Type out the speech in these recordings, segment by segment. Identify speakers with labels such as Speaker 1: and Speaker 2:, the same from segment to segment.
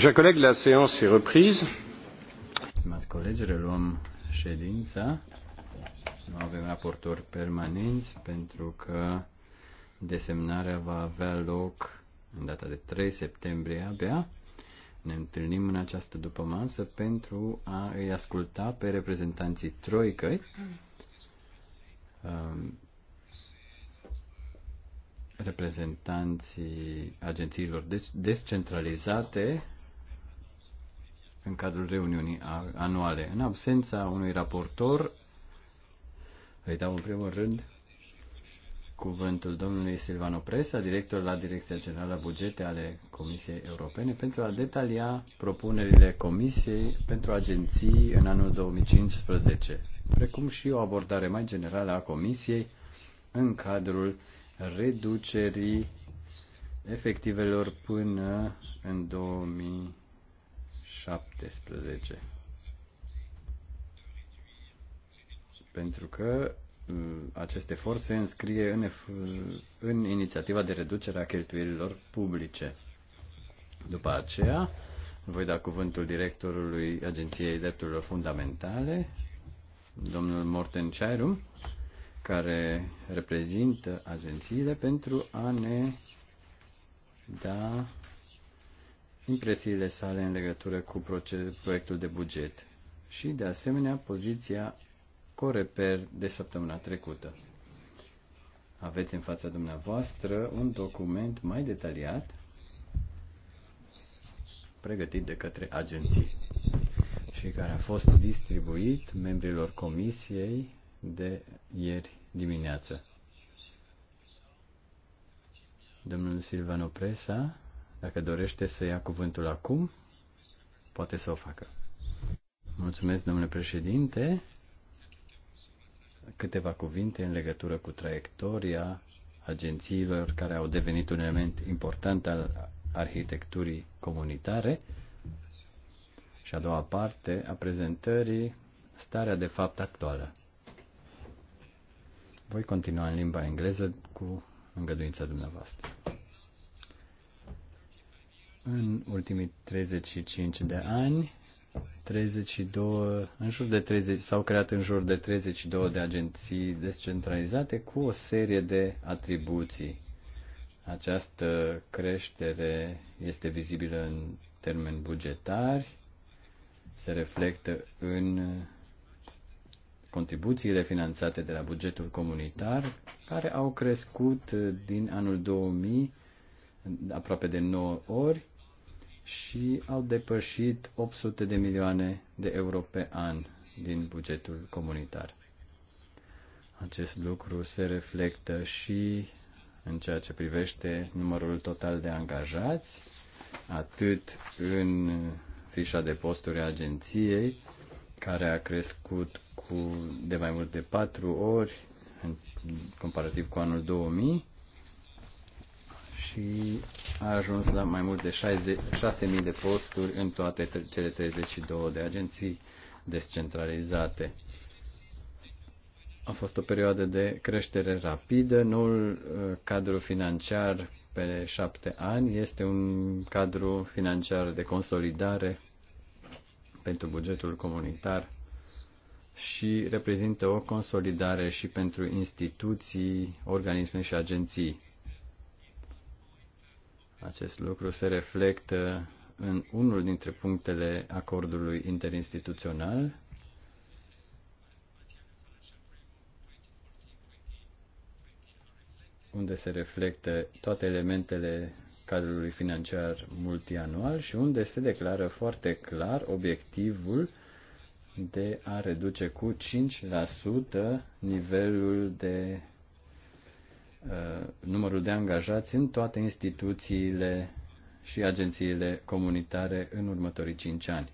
Speaker 1: Chers collègues, la séance est reprise. Stimați colegi, reluăm ședința. Nu avem raportori permanenți pentru că desemnarea va avea loc în data de 3 septembrie abia. Ne întâlnim în această dupămasă pentru a îi asculta pe reprezentanții Troicăi. Um, reprezentanții agențiilor descentralizate în cadrul reuniunii anuale. În absența unui raportor, îi dau în primul rând cuvântul domnului Silvano Presa, director la Direcția Generală Bugete ale Comisiei Europene, pentru a detalia propunerile Comisiei pentru agenții în anul 2015, precum și o abordare mai generală a Comisiei în cadrul reducerii efectivelor până în 2000 17. Pentru că mm, acest efort se înscrie în, în inițiativa de reducere a cheltuielilor publice. După aceea, voi da cuvântul directorului Agenției Drepturilor Fundamentale, domnul Morten Chairum, care reprezintă agențiile pentru a ne da impresiile sale în legătură cu proiectul de buget și, de asemenea, poziția Coreper de săptămâna trecută. Aveți în fața dumneavoastră un document mai detaliat pregătit de către agenții și care a fost distribuit membrilor comisiei de ieri dimineață. Domnul Silvano Presa dacă dorește să ia cuvântul acum, poate să o facă. Mulțumesc, domnule președinte. Câteva cuvinte în legătură cu traiectoria agențiilor care au devenit un element important al arhitecturii comunitare și a doua parte a prezentării starea de fapt actuală. Voi continua în limba engleză cu îngăduința dumneavoastră. În ultimii 35 de ani, 32, în jur de 30, s-au creat în jur de 32 de agenții descentralizate cu o serie de atribuții. Această creștere este vizibilă în termeni bugetari, se reflectă în contribuțiile finanțate de la bugetul comunitar, care au crescut din anul 2000 aproape de 9 ori și au depășit 800 de milioane de euro pe an din bugetul comunitar. Acest lucru se reflectă și în ceea ce privește numărul total de angajați, atât în fișa de posturi a agenției, care a crescut cu de mai mult de patru ori în comparativ cu anul 2000 și a ajuns la mai mult de 6.000 de posturi în toate cele 32 de agenții descentralizate. A fost o perioadă de creștere rapidă. Noul uh, cadru financiar pe șapte ani este un cadru financiar de consolidare pentru bugetul comunitar și reprezintă o consolidare și pentru instituții, organisme și agenții. Acest lucru se reflectă în unul dintre punctele acordului interinstituțional, unde se reflectă toate elementele cadrului financiar multianual și unde se declară foarte clar obiectivul de a reduce cu 5% nivelul de Uh, numărul de angajați în toate instituțiile și agențiile comunitare în următorii 5 ani.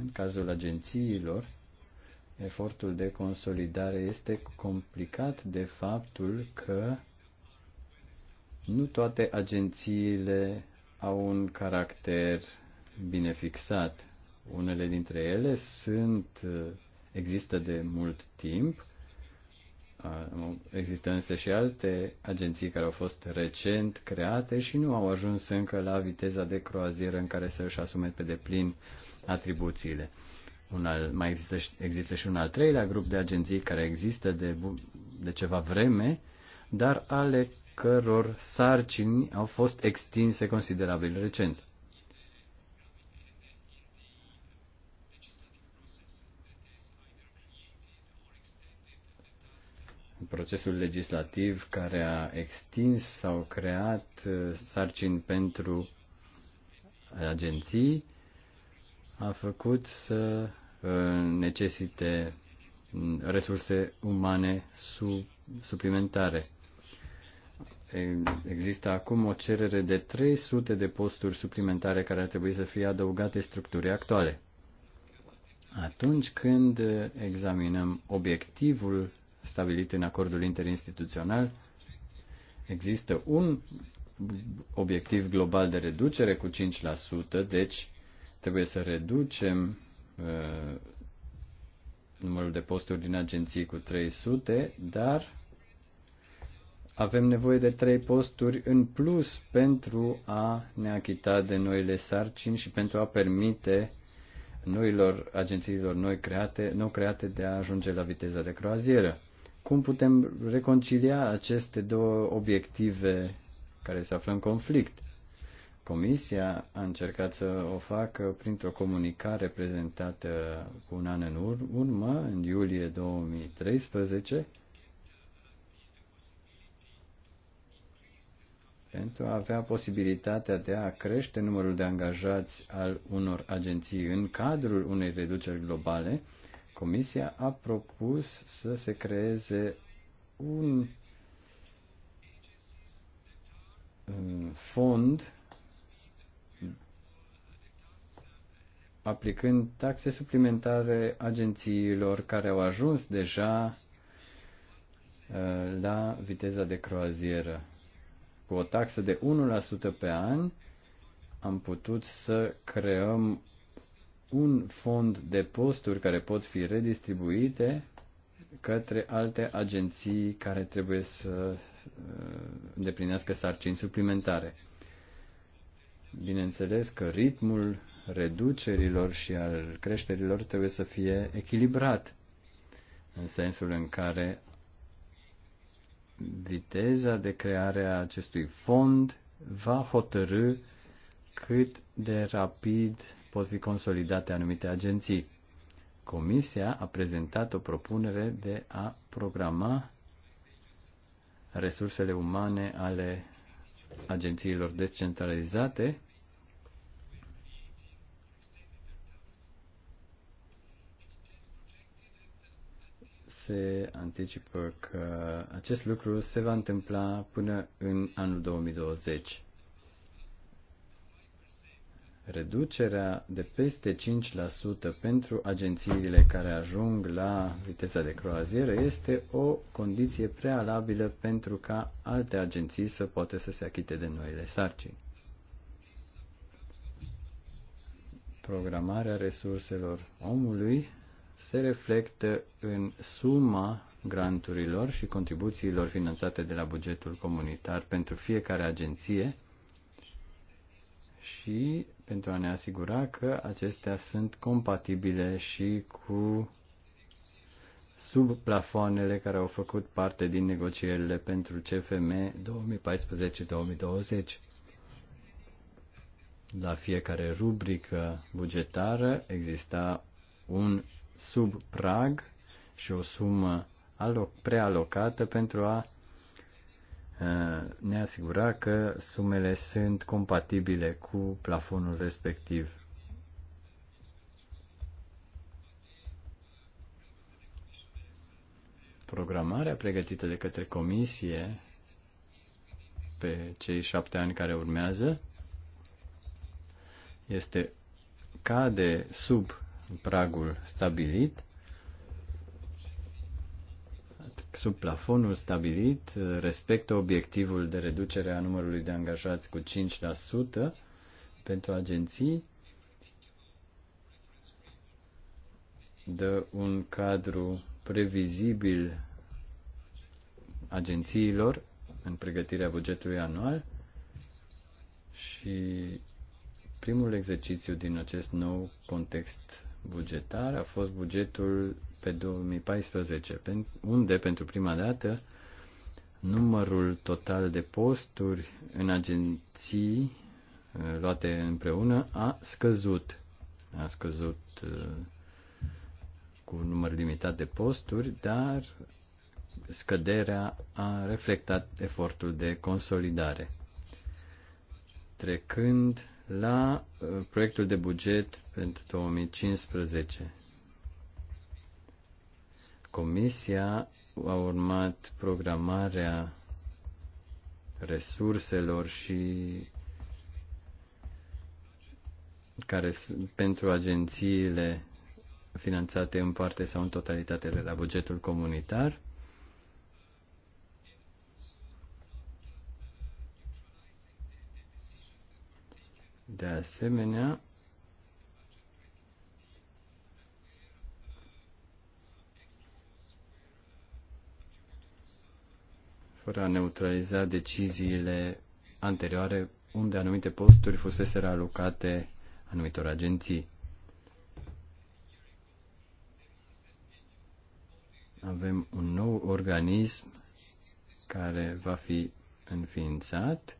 Speaker 1: În cazul agențiilor, efortul de consolidare este complicat de faptul că nu toate agențiile au un caracter bine fixat. Unele dintre ele sunt, uh, există de mult timp Există însă și alte agenții care au fost recent create și nu au ajuns încă la viteza de croazieră în care să își asume pe deplin atribuțiile. Un al, mai există, există și un al treilea grup de agenții care există de, de ceva vreme, dar ale căror sarcini au fost extinse considerabil recent. procesul legislativ care a extins sau creat uh, sarcini pentru agenții a făcut să uh, necesite mm, resurse umane suplimentare. Există acum o cerere de 300 de posturi suplimentare care ar trebui să fie adăugate structurii actuale. Atunci când uh, examinăm obiectivul stabilit în acordul interinstituțional, există un obiectiv global de reducere cu 5%, deci trebuie să reducem uh, numărul de posturi din agenții cu 300, dar avem nevoie de 3 posturi în plus pentru a ne achita de noile sarcini și pentru a permite noilor agențiilor noi create, nou create de a ajunge la viteza de croazieră. Cum putem reconcilia aceste două obiective care se află în conflict? Comisia a încercat să o facă printr-o comunicare prezentată cu un an în urmă, în iulie 2013, pentru a avea posibilitatea de a crește numărul de angajați al unor agenții în cadrul unei reduceri globale Comisia a propus să se creeze un fond aplicând taxe suplimentare agențiilor care au ajuns deja uh, la viteza de croazieră. Cu o taxă de 1% pe an am putut să creăm un fond de posturi care pot fi redistribuite către alte agenții care trebuie să uh, îndeplinească sarcini suplimentare. Bineînțeles că ritmul reducerilor și al creșterilor trebuie să fie echilibrat, în sensul în care viteza de creare a acestui fond va hotărâ cât de rapid pot fi consolidate anumite agenții. Comisia a prezentat o propunere de a programa resursele umane ale agențiilor descentralizate se anticipă că acest lucru se va întâmpla până în anul 2020 reducerea de peste 5% pentru agențiile care ajung la viteza de croazieră este o condiție prealabilă pentru ca alte agenții să poată să se achite de noile sarcini. Programarea resurselor omului se reflectă în suma granturilor și contribuțiilor finanțate de la bugetul comunitar pentru fiecare agenție și pentru a ne asigura că acestea sunt compatibile și cu sub plafoanele care au făcut parte din negocierile pentru CFM 2014-2020. La fiecare rubrică bugetară exista un subprag și o sumă prealocată pentru a Uh, ne asigura că sumele sunt compatibile cu plafonul respectiv. Programarea pregătită de către comisie pe cei șapte ani care urmează este cade sub pragul stabilit sub plafonul stabilit, uh, respectă obiectivul de reducere a numărului de angajați cu 5% pentru agenții, dă un cadru previzibil agențiilor în pregătirea bugetului anual și primul exercițiu din acest nou context bugetar a fost bugetul pe 2014, unde pentru prima dată numărul total de posturi în agenții uh, luate împreună a scăzut. A scăzut uh, cu un număr limitat de posturi, dar scăderea a reflectat efortul de consolidare. Trecând la uh, proiectul de buget pentru 2015. Comisia a urmat programarea resurselor și care pentru agențiile finanțate în parte sau în totalitate de la bugetul comunitar De asemenea, fără a neutraliza deciziile anterioare unde anumite posturi fuseseră alocate anumitor agenții. Avem un nou organism care va fi înființat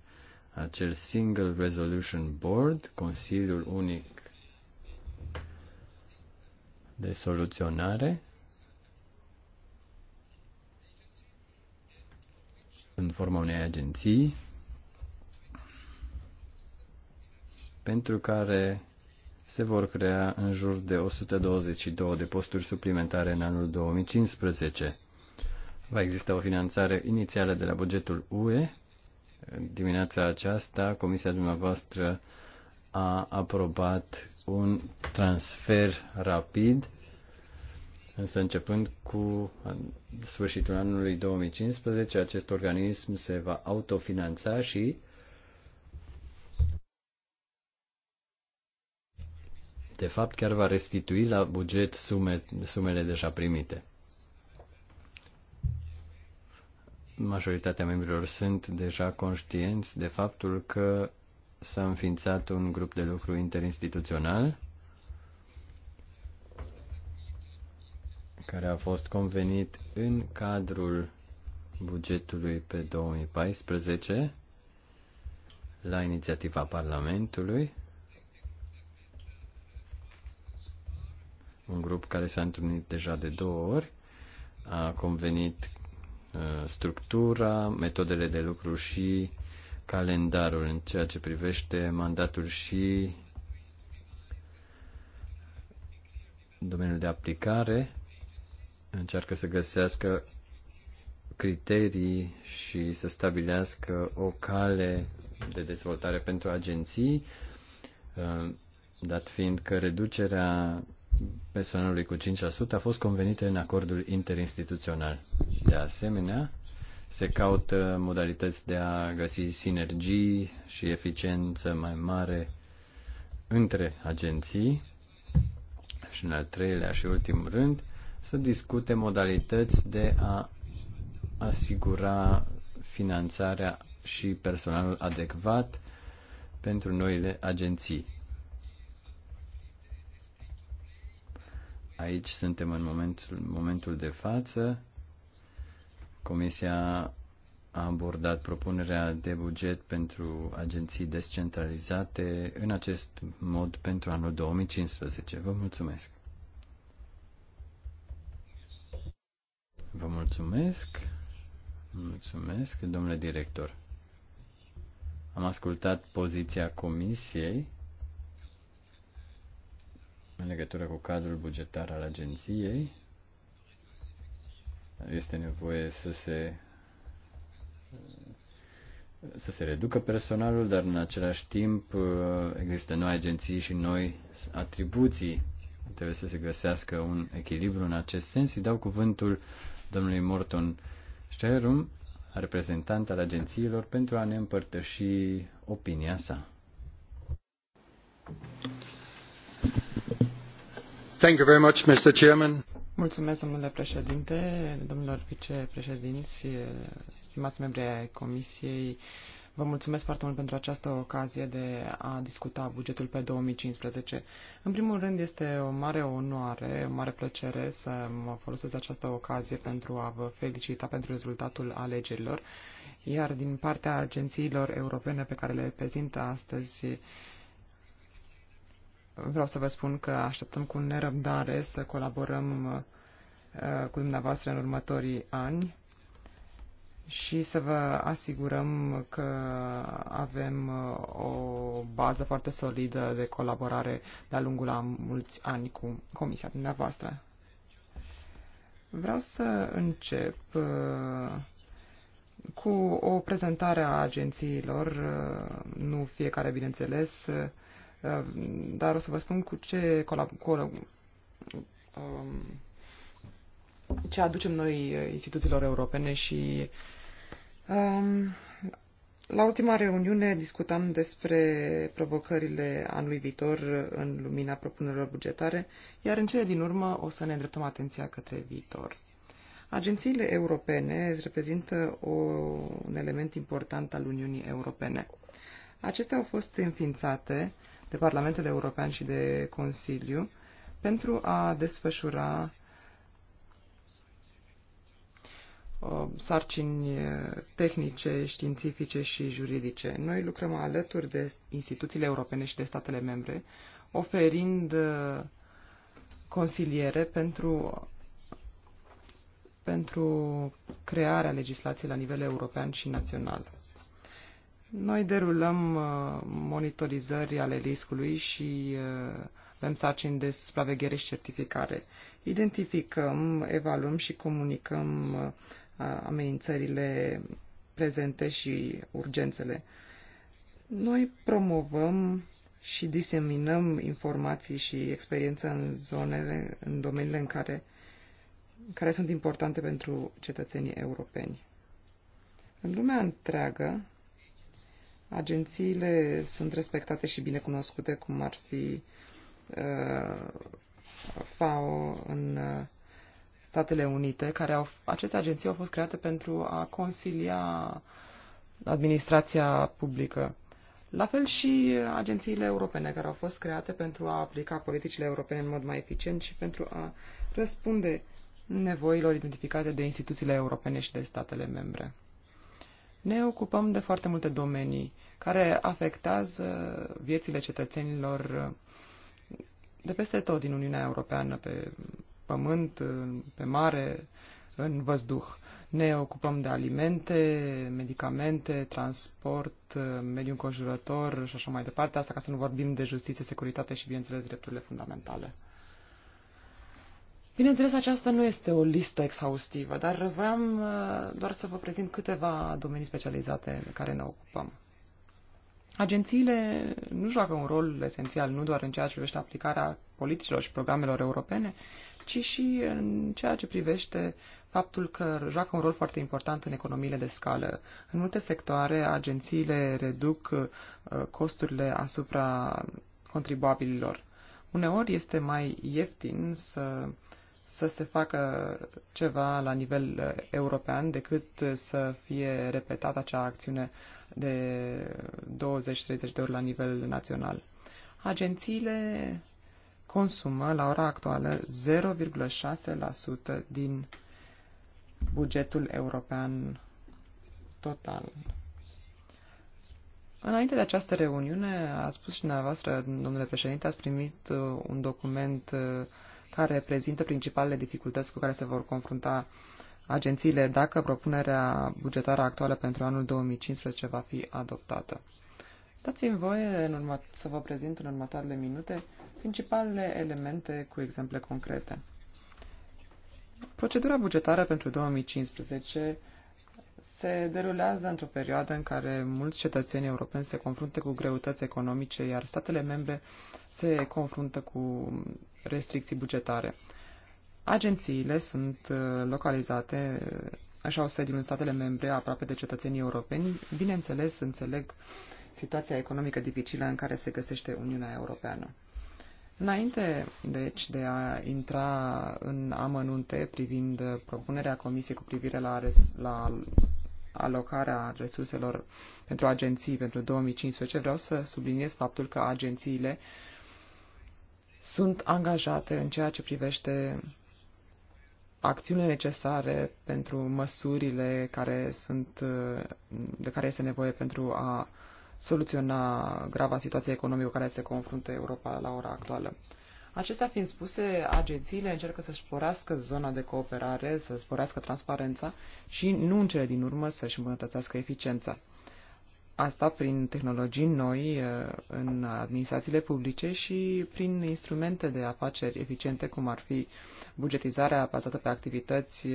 Speaker 1: acel Single Resolution Board, Consiliul Unic de Soluționare, în forma unei agenții pentru care se vor crea în jur de 122 de posturi suplimentare în anul 2015. Va exista o finanțare inițială de la bugetul UE dimineața aceasta, comisia dumneavoastră a aprobat un transfer rapid, însă începând cu sfârșitul anului 2015, acest organism se va autofinanța și de fapt chiar va restitui la buget sume, sumele deja primite. majoritatea membrilor sunt deja conștienți de faptul că s-a înființat un grup de lucru interinstituțional care a fost convenit în cadrul bugetului pe 2014 la inițiativa Parlamentului, un grup care s-a întâlnit deja de două ori, a convenit Uh, structura, metodele de lucru și calendarul în ceea ce privește mandatul și domeniul de aplicare. Încearcă să găsească criterii și să stabilească o cale de dezvoltare pentru agenții, uh, dat fiind că reducerea personalului cu 5% a fost convenită în acordul interinstituțional. De asemenea, se caută modalități de a găsi sinergii și eficiență mai mare între agenții și în al treilea și ultim rând să discute modalități de a asigura finanțarea și personalul adecvat pentru noile agenții. Aici suntem în momentul, momentul de față. Comisia a abordat propunerea de buget pentru agenții descentralizate în acest mod pentru anul 2015. Vă mulțumesc! Vă mulțumesc! Mulțumesc, domnule director! Am ascultat poziția comisiei în legătură cu cadrul bugetar al agenției. Este nevoie să se să se reducă personalul, dar în același timp uh, există noi agenții și noi atribuții. Trebuie să se găsească un echilibru în acest sens. Îi dau cuvântul domnului Morton Șterum, reprezentant al agențiilor, pentru a ne împărtăși opinia sa.
Speaker 2: Mulțumesc, domnule președinte, domnilor vicepreședinți, stimați membri ai Comisiei. Vă mulțumesc foarte mult pentru această ocazie de a discuta bugetul pe 2015. În primul rând, este o mare onoare, o mare plăcere să mă folosesc această ocazie pentru a vă felicita pentru rezultatul alegerilor, iar din partea agențiilor europene pe care le prezint astăzi, vreau să vă spun că așteptăm cu nerăbdare să colaborăm uh, cu dumneavoastră în următorii ani și să vă asigurăm că avem uh, o bază foarte solidă de colaborare de-a lungul a mulți ani cu comisia dumneavoastră. Vreau să încep uh, cu o prezentare a agențiilor, nu fiecare, bineînțeles, Ehm, dar o să vă spun cu ce, colab- cu, uh, ce aducem noi eh, instituțiilor europene și uh, la ultima reuniune discutam despre provocările anului viitor în lumina propunerilor bugetare, iar în cele din urmă o să ne îndreptăm atenția către viitor. Agențiile europene reprezintă o, un element important al Uniunii Europene. Acestea au fost înființate de Parlamentul European și de Consiliu pentru a desfășura uh, sarcini uh, tehnice, științifice și juridice. Noi lucrăm alături de instituțiile europene și de statele membre, oferind uh, consiliere pentru, pentru crearea legislației la nivel european și național. Noi derulăm uh, monitorizări ale riscului și uh, avem sarcini de supraveghere și certificare. Identificăm, evaluăm și comunicăm uh, amenințările prezente și urgențele. Noi promovăm și diseminăm informații și experiență în zonele, în domeniile în care, care sunt importante pentru cetățenii europeni. În lumea întreagă, Agențiile sunt respectate și bine cunoscute, cum ar fi uh, FAO în uh, Statele Unite, care au, aceste agenții au fost create pentru a consilia administrația publică. La fel și agențiile europene, care au fost create pentru a aplica politicile europene în mod mai eficient și pentru a răspunde nevoilor identificate de instituțiile europene și de statele membre. Ne ocupăm de foarte multe domenii care afectează viețile cetățenilor de peste tot din Uniunea Europeană, pe pământ, pe mare, în văzduh. Ne ocupăm de alimente, medicamente, transport, mediul înconjurător și așa mai departe, asta ca să nu vorbim de justiție, securitate și, bineînțeles, drepturile fundamentale. Bineînțeles, aceasta nu este o listă exhaustivă, dar voiam uh, doar să vă prezint câteva domenii specializate în care ne ocupăm. Agențiile nu joacă un rol esențial nu doar în ceea ce privește aplicarea politicilor și programelor europene, ci și în ceea ce privește faptul că joacă un rol foarte important în economiile de scală. În multe sectoare, agențiile reduc uh, costurile asupra contribuabililor. Uneori este mai ieftin să să se facă ceva la nivel uh, european decât uh, să fie repetată acea acțiune de 20-30 de ori la nivel național. Agențiile consumă la ora actuală 0,6% din bugetul european total. Înainte de această reuniune, a spus și dumneavoastră, domnule președinte, ați primit uh, un document care prezintă principalele dificultăți cu care se vor confrunta agențiile dacă propunerea bugetară actuală pentru anul 2015 va fi adoptată. Dați-mi voie în urma- să vă prezint în următoarele minute principalele elemente cu exemple concrete. Procedura bugetară pentru 2015 se derulează într-o perioadă în care mulți cetățeni europeni se confruntă cu greutăți economice, iar statele membre se confruntă cu restricții bugetare. Agențiile sunt uh, localizate uh, așa o sediu în statele membre aproape de cetățenii europeni. Bineînțeles, înțeleg situația economică dificilă în care se găsește Uniunea Europeană. Înainte, deci, de a intra în amănunte privind propunerea Comisiei cu privire la, res, la alocarea resurselor pentru agenții pentru 2015, vreau să subliniez faptul că agențiile uh, sunt angajate în ceea ce privește acțiunile necesare pentru măsurile care sunt, de care este nevoie pentru a soluționa grava situație economică care se confruntă Europa la ora actuală. Acestea fiind spuse, agențiile încearcă să sporească zona de cooperare, să sporească transparența și, nu în cele din urmă, să-și îmbunătățească eficiența. Asta prin tehnologii noi uh, în administrațiile publice și prin instrumente de afaceri eficiente, cum ar fi bugetizarea bazată pe activități,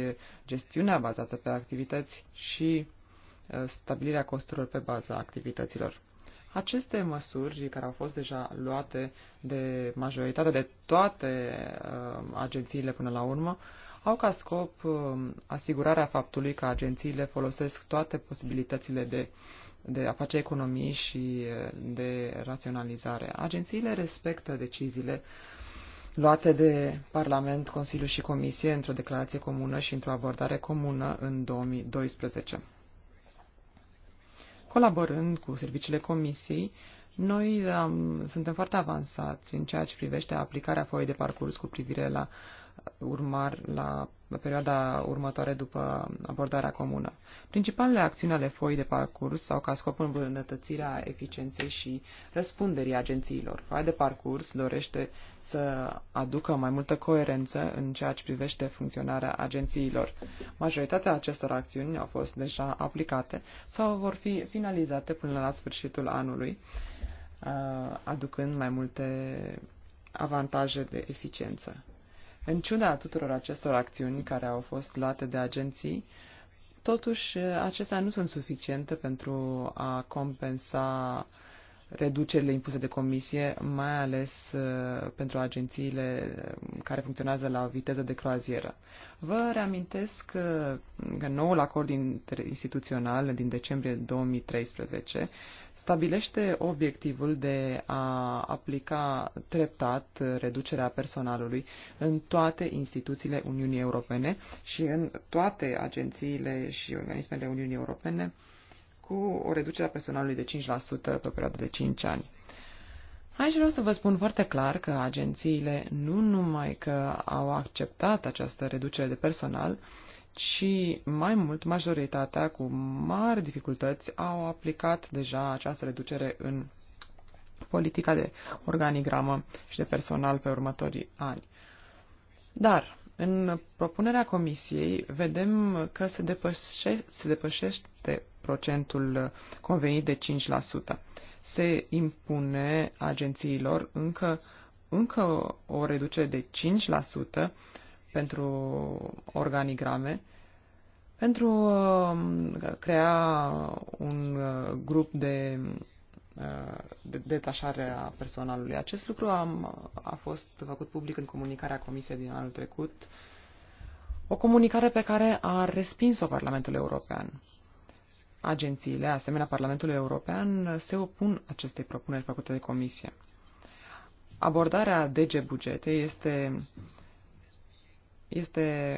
Speaker 2: gestiunea bazată pe activități și uh, stabilirea costurilor pe baza activităților. Aceste măsuri care au fost deja luate de majoritatea de toate uh, agențiile până la urmă au ca scop uh, asigurarea faptului că agențiile folosesc toate posibilitățile de de a face economii și de raționalizare. Agențiile respectă deciziile luate de Parlament, Consiliu și Comisie într-o declarație comună și într-o abordare comună în 2012. Colaborând cu serviciile Comisiei, noi am, suntem foarte avansați în ceea ce privește aplicarea foii de parcurs cu privire la urmar la perioada următoare după abordarea comună. Principalele acțiuni ale foii de parcurs au ca scop îmbunătățirea eficienței și răspunderii agențiilor. Foaia de parcurs dorește să aducă mai multă coerență în ceea ce privește funcționarea agențiilor. Majoritatea acestor acțiuni au fost deja aplicate sau vor fi finalizate până la sfârșitul anului, uh, aducând mai multe avantaje de eficiență. În ciuda tuturor acestor acțiuni care au fost luate de agenții, totuși acestea nu sunt suficiente pentru a compensa uh, reducerile impuse de comisie, mai ales uh, pentru agențiile uh, care funcționează la viteză de croazieră. Vă reamintesc uh, că, noul acord instituțional din decembrie 2013 stabilește obiectivul de a aplica treptat reducerea personalului în toate instituțiile Uniunii Europene și în toate agențiile și organismele Uniunii Europene cu o reducere a personalului de 5% pe o perioadă de 5 ani. Aici vreau să vă spun foarte clar că agențiile nu numai că au acceptat această reducere de personal, ci mai mult majoritatea cu mari dificultăți au aplicat deja această reducere în politica de organigramă și de personal pe următorii ani. Dar în propunerea comisiei vedem că se, depășe, se depășește procentul convenit de 5%. Se impune agențiilor încă, încă o reducere de 5% pentru organigrame, pentru a uh, crea un uh, grup de detașare a personalului. Acest lucru am, a fost făcut public în comunicarea Comisiei din anul trecut, o comunicare pe care a respins-o Parlamentul European. Agențiile, asemenea Parlamentului European, se opun acestei propuneri făcute de Comisie. Abordarea DG Bugete este, este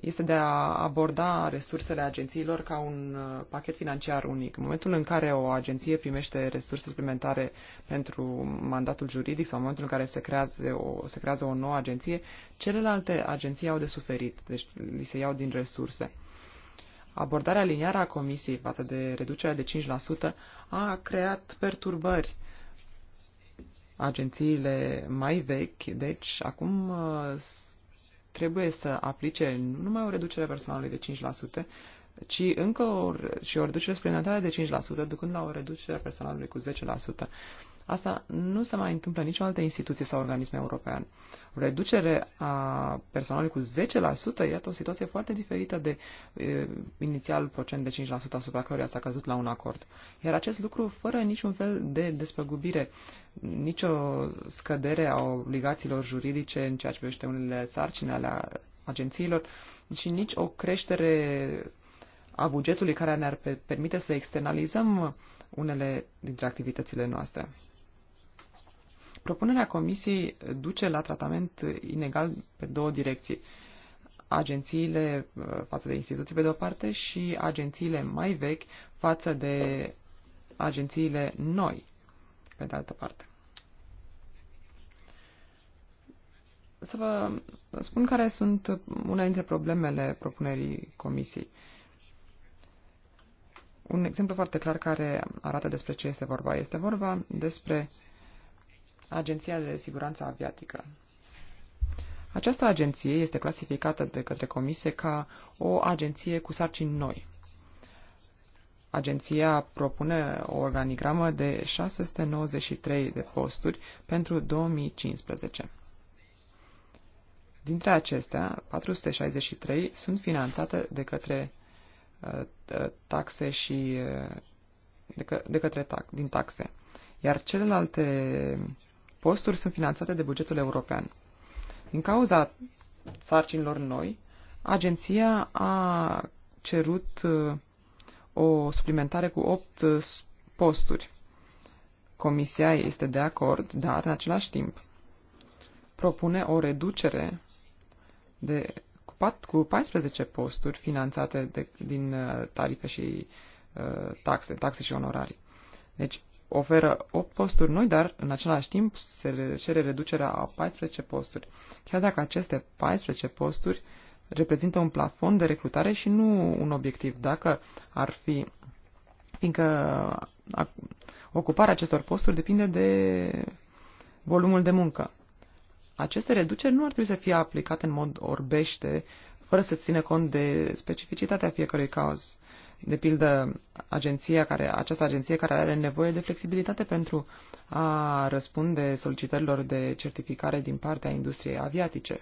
Speaker 2: este de a aborda resursele agențiilor ca un uh, pachet financiar unic. În momentul în care o agenție primește resurse suplimentare pentru mandatul juridic sau în momentul în care se creează o, se creează o nouă agenție, celelalte agenții au de suferit, deci li se iau din resurse. Abordarea liniară a Comisiei față de reducerea de 5% a creat perturbări agențiile mai vechi, deci acum uh, trebuie să aplice nu numai o reducere personalului de 5%, ci încă o, și o reducere suplimentară de 5%, ducând la o reducere a personalului cu Asta nu se mai întâmplă în nicio altă instituție sau organism european. Reducere a personalului cu 10%, iată o situație foarte diferită de e, inițial procent de 5% asupra căruia s-a căzut la un acord. Iar acest lucru, fără niciun fel de despăgubire, nicio scădere a obligațiilor juridice în ceea ce privește unele sarcini ale agențiilor și nici o creștere a bugetului care ne-ar permite să externalizăm unele dintre activitățile noastre. Propunerea Comisiei duce la tratament inegal pe două direcții. Agențiile uh, față de instituții pe de-o parte și agențiile mai vechi față de agențiile noi pe de altă parte. Să vă spun care sunt una dintre problemele propunerii Comisiei. Un exemplu foarte clar care arată despre ce este vorba. Este vorba despre uh, Agenția de Siguranță Aviatică. Această agenție este clasificată de către comise ca o agenție cu sarcini noi. Agenția propune o organigramă de 693 de posturi pentru 2015. Dintre acestea, 463 sunt finanțate de către uh, uh, taxe și uh, de, că, de către tax, din taxe, iar celelalte posturi sunt finanțate de bugetul european. Din cauza sarcinilor noi, agenția a cerut uh, o suplimentare cu 8 uh, posturi. Comisia este de acord, dar în același timp propune o reducere de cu, pat, cu 14 posturi finanțate de, din uh, tarife și uh, taxe, taxe și onorarii. Deci, oferă 8 posturi noi, dar în același timp se cere reducerea a 14 posturi. Chiar dacă aceste 14 posturi reprezintă un plafon de recrutare și nu un obiectiv. Dacă ar fi fiindcă ocuparea acestor posturi depinde de volumul de muncă. Aceste reduceri nu ar trebui să fie aplicate în mod orbește, fără să țină cont de specificitatea fiecărui caz de pildă agenția care, această agenție care are nevoie de flexibilitate pentru a răspunde solicitărilor de certificare din partea industriei aviatice.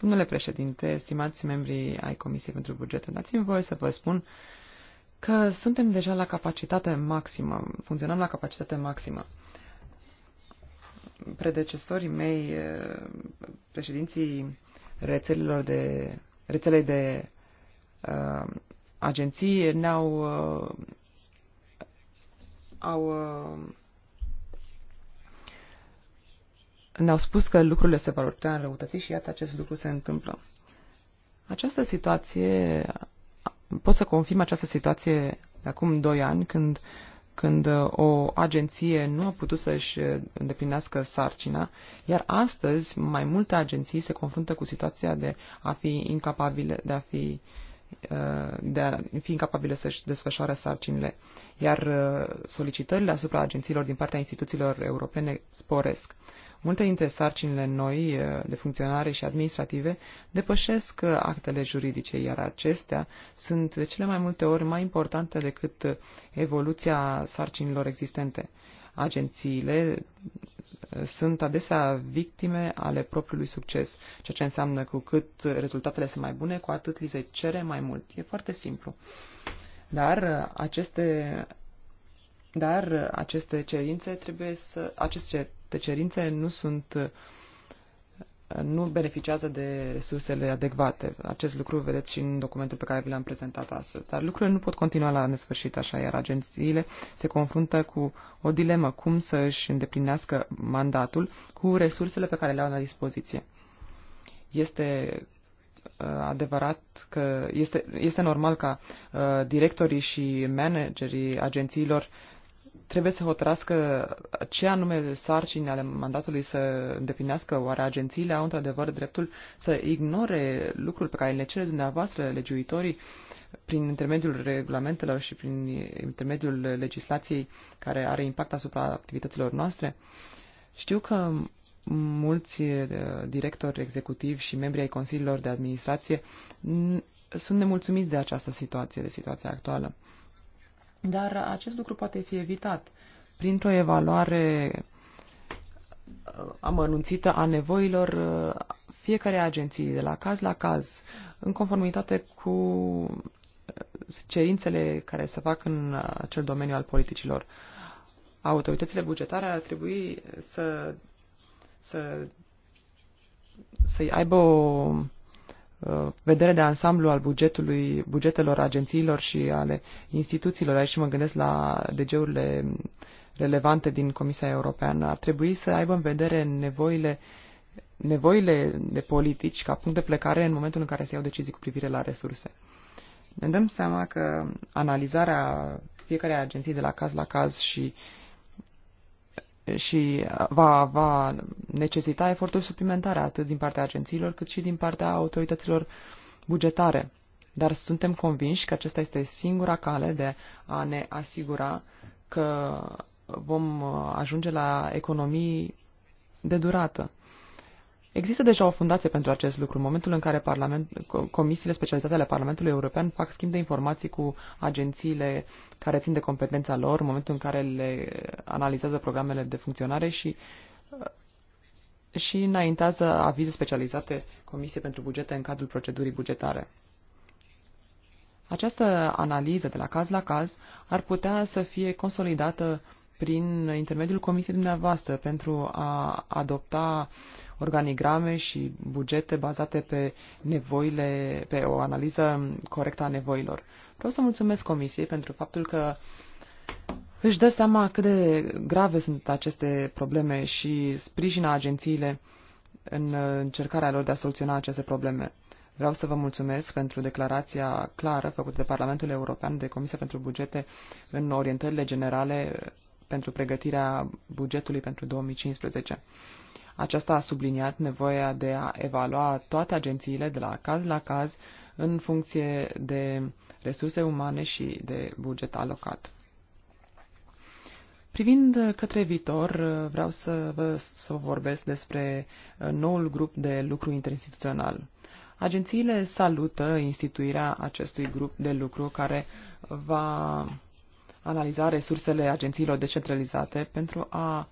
Speaker 2: Domnule președinte, stimați membrii ai Comisiei pentru Bugete, dați-mi voie să vă spun că suntem deja la capacitate maximă, funcționăm la capacitate maximă. Predecesorii mei, eh, președinții rețelelor de rețele de uh, agenții ne-au uh, au, uh, ne-au spus că lucrurile se vor putea înrăutăți și iată acest lucru se întâmplă. Această situație, pot să confirm această situație de acum doi ani, când când uh, o agenție nu a putut să-și uh, îndeplinească sarcina, iar astăzi mai multe agenții se confruntă cu situația de a fi incapabile, de a fi uh, de a fi incapabile să-și desfășoare sarcinile, iar solicitările asupra agențiilor din partea instituțiilor europene sporesc. Multe dintre sarcinile noi eh, de funcționare și administrative depășesc eh, actele juridice, iar acestea sunt de cele mai multe ori mai importante decât eh, evoluția sarcinilor existente. Agențiile sunt adesea victime ale propriului succes, ceea ce înseamnă cu cât rezultatele sunt mai bune, cu atât li se cere mai mult. E foarte simplu. Dar aceste dar aceste cerințe trebuie să. aceste cerințe nu sunt nu beneficiază de resursele adecvate. Acest lucru vedeți și în documentul pe care vi l-am prezentat astăzi. Dar lucrurile nu pot continua la nesfârșit așa, iar agențiile se confruntă cu o dilemă cum să își îndeplinească mandatul cu resursele pe care le au la dispoziție. Este uh, adevărat că este, este normal ca uh, directorii și managerii agențiilor trebuie să hotărască ce anume sarcini ale mandatului să îndeplinească, oare agențiile au într-adevăr dreptul să ignore lucruri pe care le cereți dumneavoastră, legiuitorii, prin intermediul regulamentelor și prin intermediul legislației care are impact asupra activităților noastre. Știu că mulți eh, directori executivi și membri ai consiliilor de administrație sunt nemulțumiți de această situație, de situația actuală. Dar acest lucru poate fi evitat printr-o evaluare uh, amănunțită a nevoilor uh, fiecare agenții, de la caz la caz, în conformitate cu uh, cerințele care se fac în acel domeniu al politicilor. Autoritățile bugetare ar trebui să, să, să aibă o Uh, vedere de ansamblu al bugetului, bugetelor agențiilor și ale instituțiilor, aici mă gândesc la DG-urile relevante din Comisia Europeană, ar trebui să aibă în vedere nevoile nevoile de politici ca punct de plecare în momentul în care se iau decizii cu privire la resurse. Ne dăm seama că analizarea fiecare agenții de la caz la caz și uh, și va, va necesita eforturi suplimentare atât din partea agențiilor cât și din partea autorităților bugetare. Dar suntem convinși că acesta este singura cale de a ne asigura că vom ajunge la economii de durată. Există deja o fundație pentru acest lucru, în momentul în care parlament, comisiile specializate ale Parlamentului European fac schimb de informații cu agențiile care țin de competența lor, în momentul în care le analizează programele de funcționare și uh, și înaintează avize specializate Comisiei pentru Bugete în cadrul procedurii bugetare. Această analiză de la caz la caz ar putea să fie consolidată prin intermediul comisiei dumneavoastră pentru a adopta organigrame și bugete bazate pe nevoile, pe o analiză corectă a nevoilor. Vreau să mulțumesc comisiei pentru faptul că își dă seama cât de grave sunt aceste probleme și sprijină agențiile în încercarea lor de a soluționa aceste probleme. Vreau să vă mulțumesc pentru declarația clară făcută de Parlamentul European de Comisia pentru Bugete în orientările generale pentru pregătirea bugetului pentru 2015. Aceasta a subliniat nevoia de a evalua toate agențiile de la caz la caz în funcție de resurse umane și de buget alocat. Privind către viitor, vreau să vă, să vorbesc despre noul grup de lucru interinstituțional. Agențiile salută instituirea acestui grup de lucru care va analiza resursele agențiilor decentralizate pentru a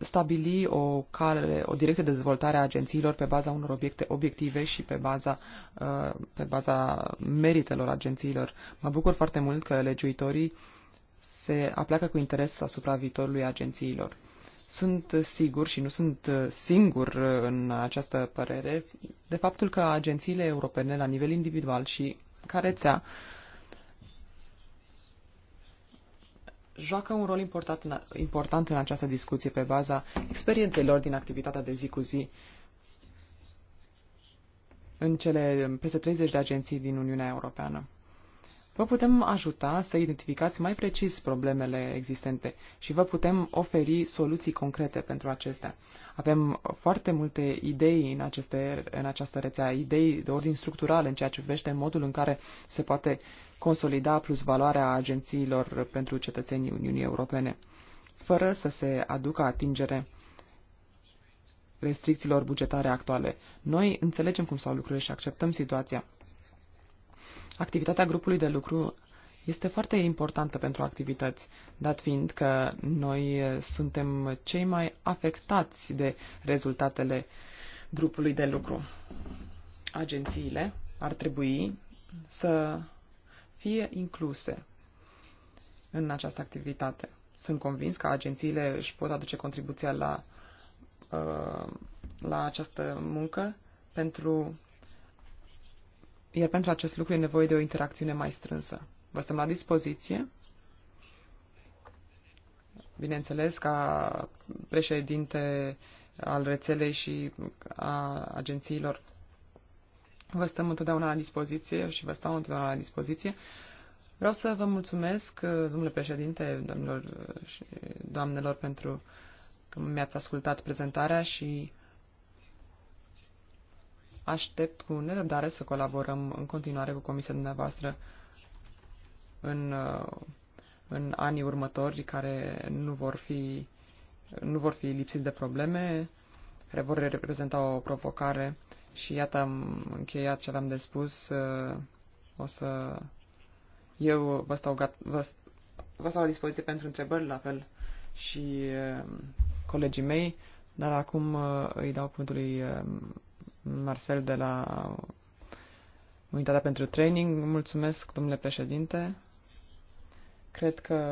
Speaker 2: stabili o cale, o direcție de dezvoltare a agențiilor pe baza unor obiecte obiective și pe baza, uh, pe baza meritelor agențiilor. Mă bucur foarte mult că legiuitorii se apleacă cu interes asupra viitorului agențiilor. Sunt sigur și nu sunt singur în această părere de faptul că agențiile europene la nivel individual și ca rețea joacă un rol important în, important în această discuție pe baza experiențelor din activitatea de zi cu zi în cele peste 30 de agenții din Uniunea Europeană. Vă putem ajuta să identificați mai precis problemele existente și vă putem oferi soluții concrete pentru acestea. Avem foarte multe idei în, aceste, în această rețea, idei de ordin structural în ceea ce privește modul în care se poate consolida plus valoarea agențiilor pentru cetățenii Uniunii Europene, fără să se aducă atingere restricțiilor bugetare actuale. Noi înțelegem cum s-au lucrurile și acceptăm situația. Activitatea grupului de lucru este foarte importantă pentru activități, dat fiind că noi suntem cei mai afectați de rezultatele grupului de lucru. Agențiile ar trebui să fie incluse în această activitate. Sunt convins că agențiile își pot aduce contribuția la, uh, la această muncă pentru iar pentru acest lucru e nevoie de o interacțiune mai strânsă. Vă stăm la dispoziție. Bineînțeles, ca președinte al rețelei și a agențiilor, vă stăm întotdeauna la dispoziție și vă stau întotdeauna la dispoziție. Vreau să vă mulțumesc, domnule președinte, domnilor și doamnelor, pentru că mi-ați ascultat prezentarea și Aștept cu nerăbdare să colaborăm în continuare cu comisia dumneavoastră în, uh, în anii următori care nu vor fi nu vor fi lipsiți de probleme, care vor reprezenta o provocare și iată am încheiat ce aveam de spus. Uh, o să eu vă stau, gat, vă, vă stau la dispoziție pentru întrebări la fel și uh, colegii mei, dar acum îi dau cuvântul lui Marcel de la Unitatea pentru Training. Mulțumesc, domnule președinte. Cred că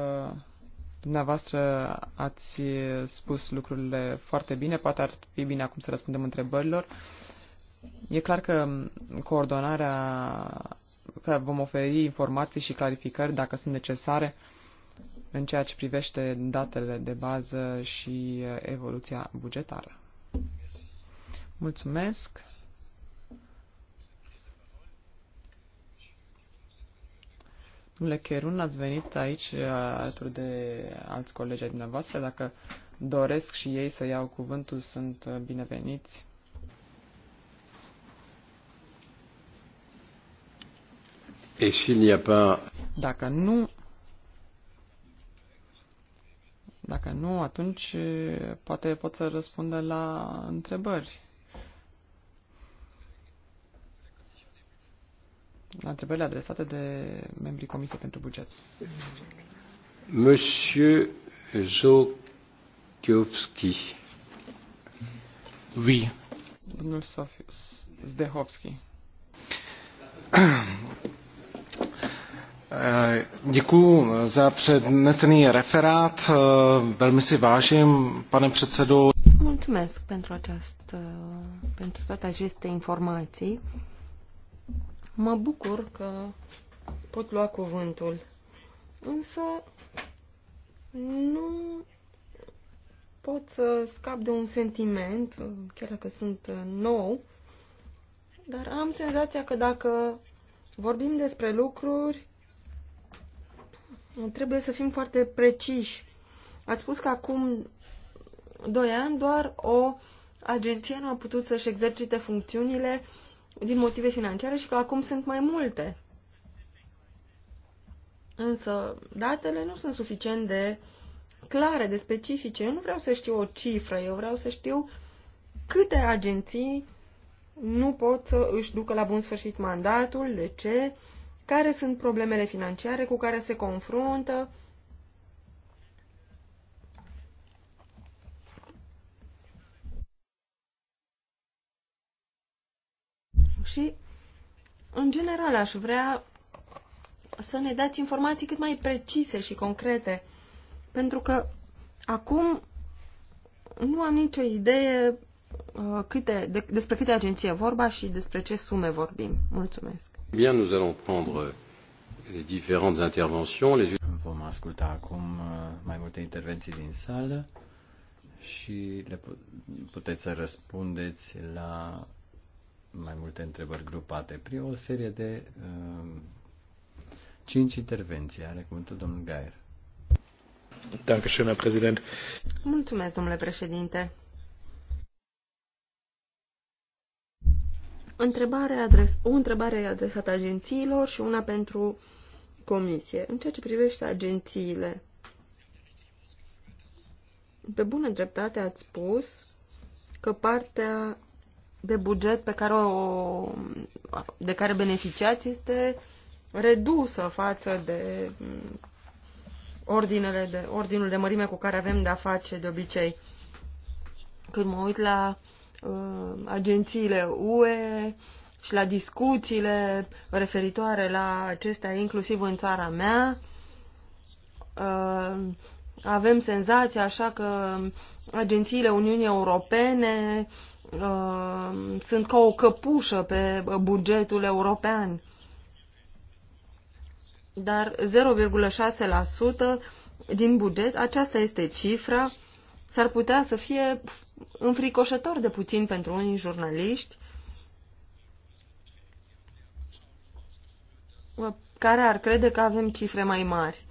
Speaker 2: dumneavoastră ați spus lucrurile foarte bine. Poate ar fi bine acum să răspundem întrebărilor. E clar că coordonarea, că vom oferi informații și clarificări dacă sunt necesare în ceea ce privește datele de bază și evoluția bugetară. Mulțumesc. Domnule Cherun, ați venit aici uh, alături de alți colegi ai dumneavoastră. Dacă doresc și ei să iau cuvântul, sunt uh, bineveniți. Dacă nu, dacă nu, atunci uh, poate pot să răspundă la întrebări. la întrebările adresate de membrii Comisiei pentru Buget.
Speaker 1: Monsieur Zokiovski. Oui.
Speaker 2: Domnul Sofi Zdehovski. Eh, Děkuji za přednesený
Speaker 1: referát. Eh, velmi si vážím, pane předsedo.
Speaker 3: Mulțumesc pentru, această, pentru toate aceste informații. Mă bucur că pot lua cuvântul, însă nu pot să scap de un sentiment, chiar dacă sunt nou, dar am senzația că dacă vorbim despre lucruri, trebuie să fim foarte preciși. Ați spus că acum doi ani doar o agenție nu a putut să-și exercite funcțiunile din motive financiare și că acum sunt mai multe. Însă datele nu sunt suficient de clare, de specifice. Eu nu vreau să știu o cifră, eu vreau să știu câte agenții nu pot să își ducă la bun sfârșit mandatul, de ce, care sunt problemele financiare cu care se confruntă, Și, în general, aș vrea să ne dați informații cât mai precise și concrete, pentru că acum nu am nicio idee uh, câte, de, despre câte agenții e vorba și despre ce sume vorbim. Mulțumesc.
Speaker 1: Bien, nous allons prendre les différentes interventions. Les... Vom asculta acum uh, mai multe intervenții din sală și le puteți să răspundeți la mai multe întrebări grupate. Prin o serie de uh, cinci intervenții. Are cuvântul domnul Gaier.
Speaker 3: Mulțumesc, domnule președinte. Întrebare adres, o întrebare adresată agențiilor și una pentru comisie. În ceea ce privește agențiile, pe bună dreptate ați spus că partea de buget pe care o, de care beneficiați este redusă față de mm, ordinele de, ordinul de mărime cu care avem de-a face de obicei. Când mă uit la uh, agențiile UE și la discuțiile referitoare la acestea, inclusiv în țara mea, uh, avem senzația așa că agențiile Uniunii Europene uh, Uh, sunt ca o căpușă pe bugetul european. Dar 0,6% din buget, aceasta este cifra, s-ar putea să fie înfricoșător de puțin pentru unii jurnaliști care ar crede că avem cifre mai mari.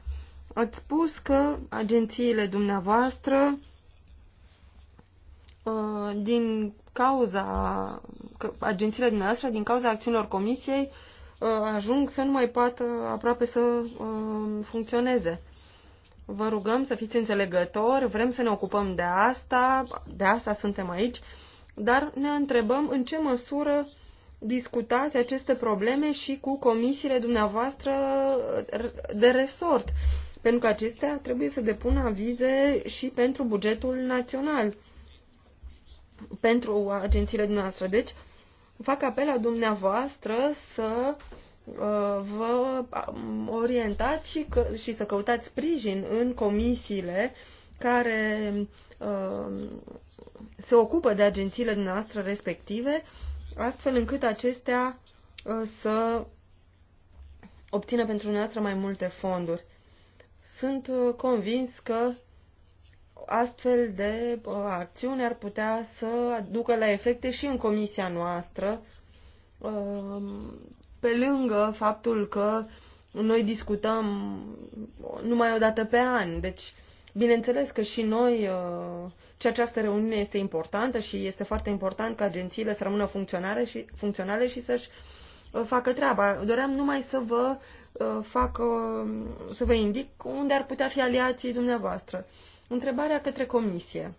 Speaker 3: Ați spus că agențiile dumneavoastră uh, din cauza, că agențiile dumneavoastră, din cauza acțiunilor comisiei, uh, ajung să nu mai poată aproape să uh, funcționeze. Vă rugăm să fiți înțelegători, vrem să ne ocupăm de asta, de asta suntem aici, dar ne întrebăm în ce măsură discutați aceste probleme și cu comisiile dumneavoastră de resort, pentru că acestea trebuie să depună avize și pentru bugetul național pentru agențiile dumneavoastră. Deci, fac apel la dumneavoastră să uh, vă orientați și, că, și să căutați sprijin în comisiile care uh, se ocupă de agențiile noastre respective, astfel încât acestea uh, să obțină pentru noastră mai multe fonduri. Sunt uh, convins că astfel de uh, acțiuni ar putea să ducă la efecte și în comisia noastră, um, pe lângă faptul că noi discutăm numai o dată pe an. Deci, bineînțeles că și noi, ce uh, această reuniune este importantă și este foarte important ca agențiile să rămână funcționale și, funcționale și să-și uh, facă treaba. Doream numai să vă fac, să vă indic unde ar putea fi aliații dumneavoastră. Întrebarea către comisie.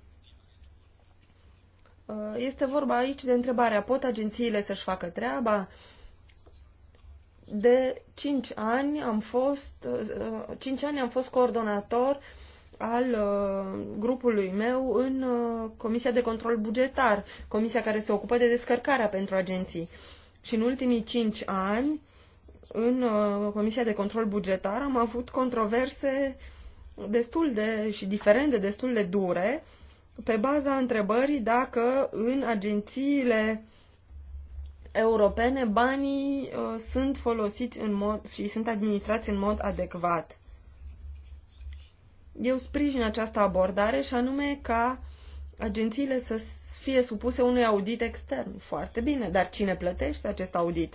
Speaker 3: Uh, este vorba aici de întrebarea, pot agențiile să-și facă treaba? De 5 ani am fost, 5 uh, uh, ani am fost coordonator al grupului meu în Comisia de Control Bugetar, comisia care se ocupă de descărcarea pentru agenții. Și în ultimii 5 ani, în Comisia de Control Bugetar, am avut controverse destul de, și diferende destul de dure pe baza întrebării dacă în agențiile europene banii uh, sunt folosiți în mod și sunt administrați în mod adecvat. Eu sprijin această abordare și anume ca agențiile să fie supuse unui audit extern. Foarte bine, dar cine plătește acest audit?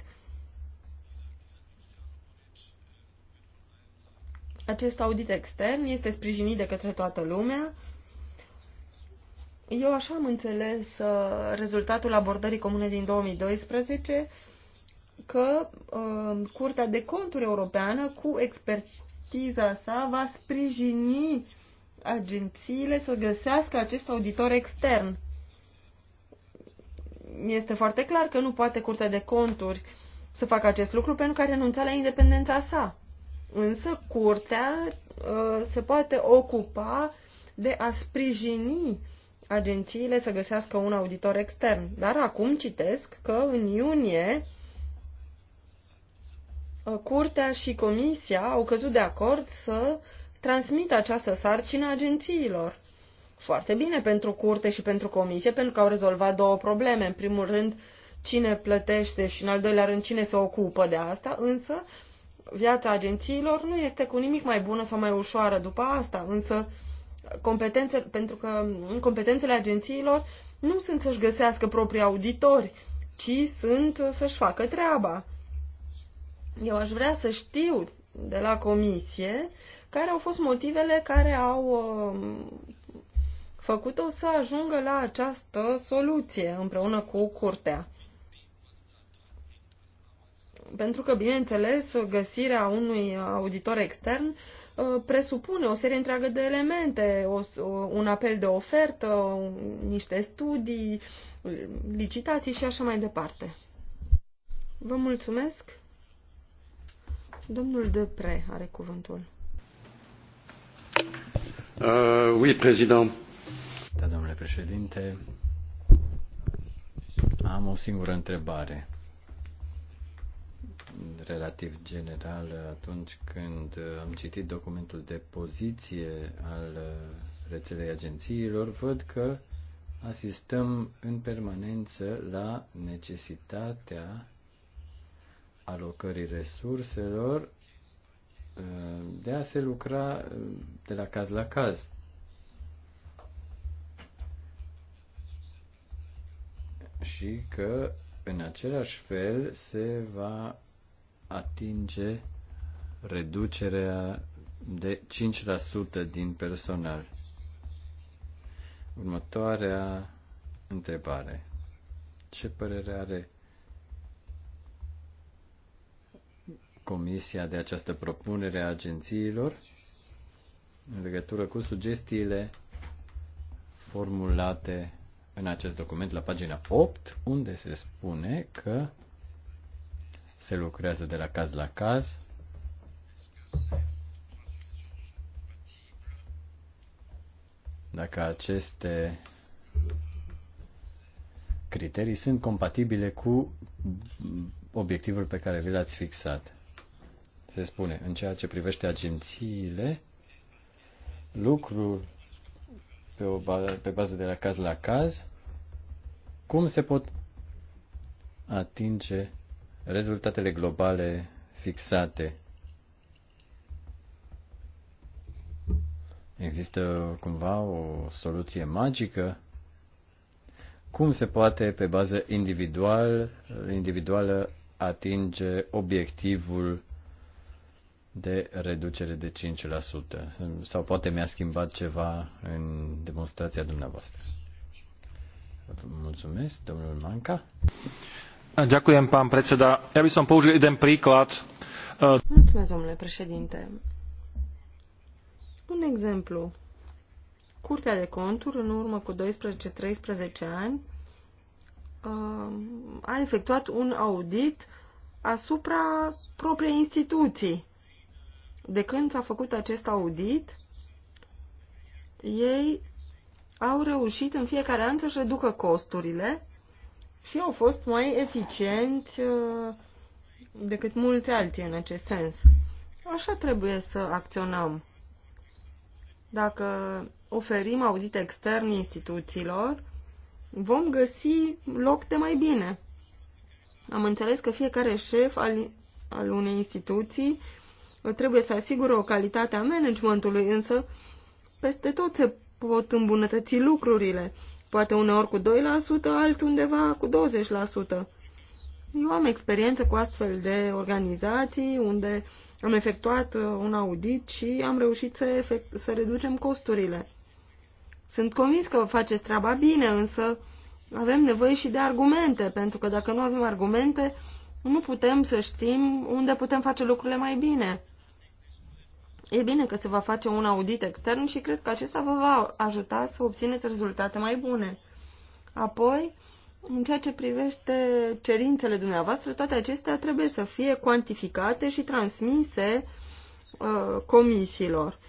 Speaker 3: Acest audit extern este sprijinit de către toată lumea. Eu așa am înțeles uh, rezultatul abordării comune din 2012 că uh, Curtea de Conturi Europeană, cu expertiza sa, va sprijini agențiile să găsească acest auditor extern. Este foarte clar că nu poate Curtea de Conturi să facă acest lucru pentru că renunțat la independența sa. Însă curtea uh, se poate ocupa de a sprijini agențiile să găsească un auditor extern. Dar acum citesc că în iunie uh, Curtea și Comisia au căzut de acord să transmită această sarcină agențiilor. Foarte bine pentru Curte și pentru Comisie, pentru că au rezolvat două probleme. În primul rând, cine plătește și în al doilea rând, cine se ocupă de asta, însă viața agențiilor nu este cu nimic mai bună sau mai ușoară după asta, însă competențe, pentru că competențele agențiilor nu sunt să-și găsească proprii auditori, ci sunt să-și facă treaba. Eu aș vrea să știu de la comisie care au fost motivele care au um, făcut-o să ajungă la această soluție împreună cu curtea pentru că, bineînțeles, găsirea unui auditor extern uh, presupune o serie întreagă de elemente, o, un apel de ofertă, niște studii, licitații și așa mai departe. Vă mulțumesc. Domnul Depre are cuvântul.
Speaker 1: Uh, oui, président. Da, domnule președinte, am o singură întrebare relativ general atunci când am citit documentul de poziție al rețelei agențiilor, văd că asistăm în permanență la necesitatea alocării resurselor de a se lucra de la caz la caz. Și că în același fel se va atinge reducerea de 5% din personal. Următoarea întrebare. Ce părere are Comisia de această propunere a agențiilor în legătură cu sugestiile formulate în acest document la pagina 8, unde se spune că se lucrează de la caz la caz. Dacă aceste criterii sunt compatibile cu obiectivul pe care vi l-ați fixat. Se spune, în ceea ce privește agențiile, lucrul pe, o, pe bază de la caz la caz, cum se pot atinge rezultatele globale fixate. Există cumva o soluție magică? Cum se poate pe bază individual, individuală atinge obiectivul de reducere de 5%? Sau poate mi-a schimbat ceva în demonstrația dumneavoastră? Vă mulțumesc, domnul Manca
Speaker 3: domnule președinte. Un exemplu. Curtea de conturi, în urmă cu doisprezece treisprezece ani, uh, a efectuat un audit asupra propriei instituții. De când s-a făcut acest audit, ei au reușit în fiecare an să-și reducă costurile și au fost mai eficienți uh, decât multe alții în acest sens. Așa trebuie să acționăm. Dacă oferim auzit extern instituțiilor, vom găsi loc de mai bine. Am înțeles că fiecare șef al, al unei instituții uh, trebuie să asigure o calitate a managementului, însă peste tot se pot îmbunătăți lucrurile poate uneori cu 2%, altundeva cu 20%. Eu am experiență cu astfel de organizații unde am efectuat uh, un audit și am reușit să, efect, să reducem costurile. Sunt convins că faceți treaba bine, însă avem nevoie și de argumente, pentru că dacă nu avem argumente, nu putem să știm unde putem face lucrurile mai bine. E bine că se va face un audit extern și cred că acesta vă va ajuta să obțineți rezultate mai bune. Apoi, în ceea ce privește cerințele dumneavoastră, toate acestea trebuie să fie cuantificate și transmise uh, comisiilor.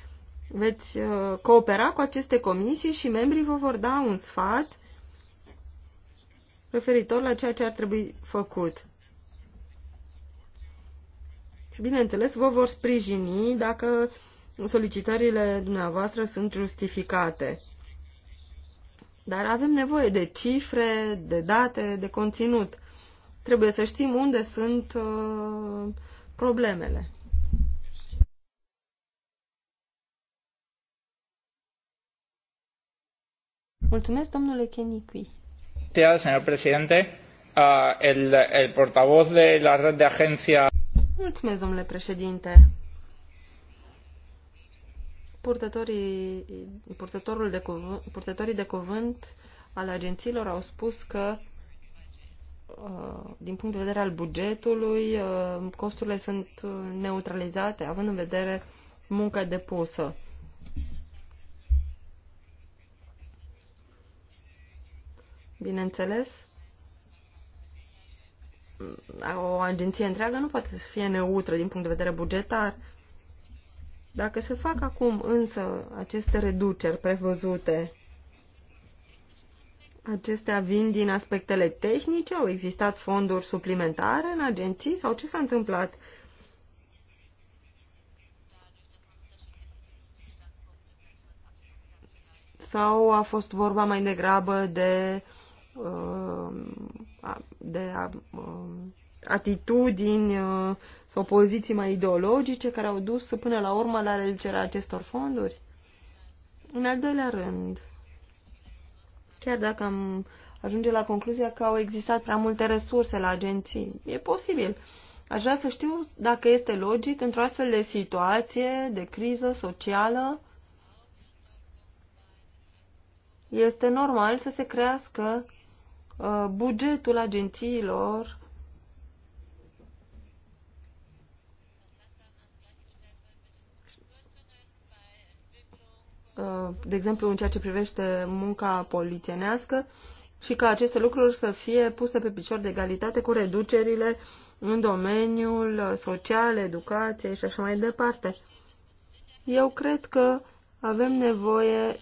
Speaker 3: Veți uh, coopera cu aceste comisii și membrii vă vor da un sfat referitor la ceea ce ar trebui făcut și, bineînțeles, vă vor sprijini dacă solicitările dumneavoastră sunt justificate. Dar avem nevoie de cifre, de date, de conținut. Trebuie să știm unde sunt uh, problemele. Mulțumesc, domnule Kenicui.
Speaker 1: Gracias,
Speaker 2: señor presidente. Uh, el, el portavoz de la red de agencias
Speaker 3: Mulțumesc, domnule președinte. Purtătorii, purtătorul de cuvânt, purtătorii de cuvânt al agențiilor au spus că, uh, din punct de vedere al bugetului, uh, costurile sunt neutralizate, având în vedere munca depusă. Bineînțeles, o agenție întreagă nu poate să fie neutră din punct de vedere bugetar. Dacă se fac acum însă aceste reduceri prevăzute, acestea vin din aspectele tehnice? Au existat fonduri suplimentare în agenții sau ce s-a întâmplat? Sau a fost vorba mai degrabă de uh, de um, atitudini uh, sau poziții mai ideologice care au dus până la urmă la reducerea acestor fonduri? În al doilea rând, chiar dacă am ajunge la concluzia că au existat prea multe resurse la agenții, e posibil. Aș vrea să știu dacă este logic într-o astfel de situație de criză socială este normal să se crească Uh, bugetul agențiilor uh, de exemplu, în ceea ce privește munca polițienească și ca aceste lucruri să fie puse pe picior de egalitate cu reducerile în domeniul social, educație, și așa mai departe. Eu cred că avem nevoie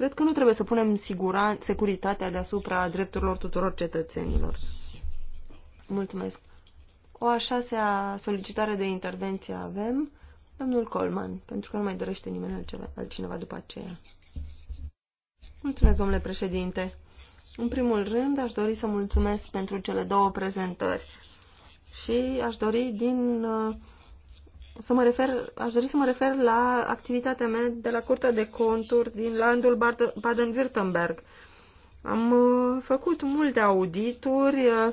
Speaker 3: Cred că nu trebuie să punem sigura, securitatea deasupra drepturilor tuturor cetățenilor. Mulțumesc. O a șasea solicitare de intervenție avem, domnul Colman, pentru că nu mai dorește nimeni altceva, altcineva după aceea. Mulțumesc, domnule președinte. În primul rând, aș dori să mulțumesc pentru cele două prezentări și aș dori din uh, să mă refer, aș dori să mă refer la activitatea mea de la Curtea de Conturi din landul Baden-Württemberg. Am uh, făcut multe audituri uh,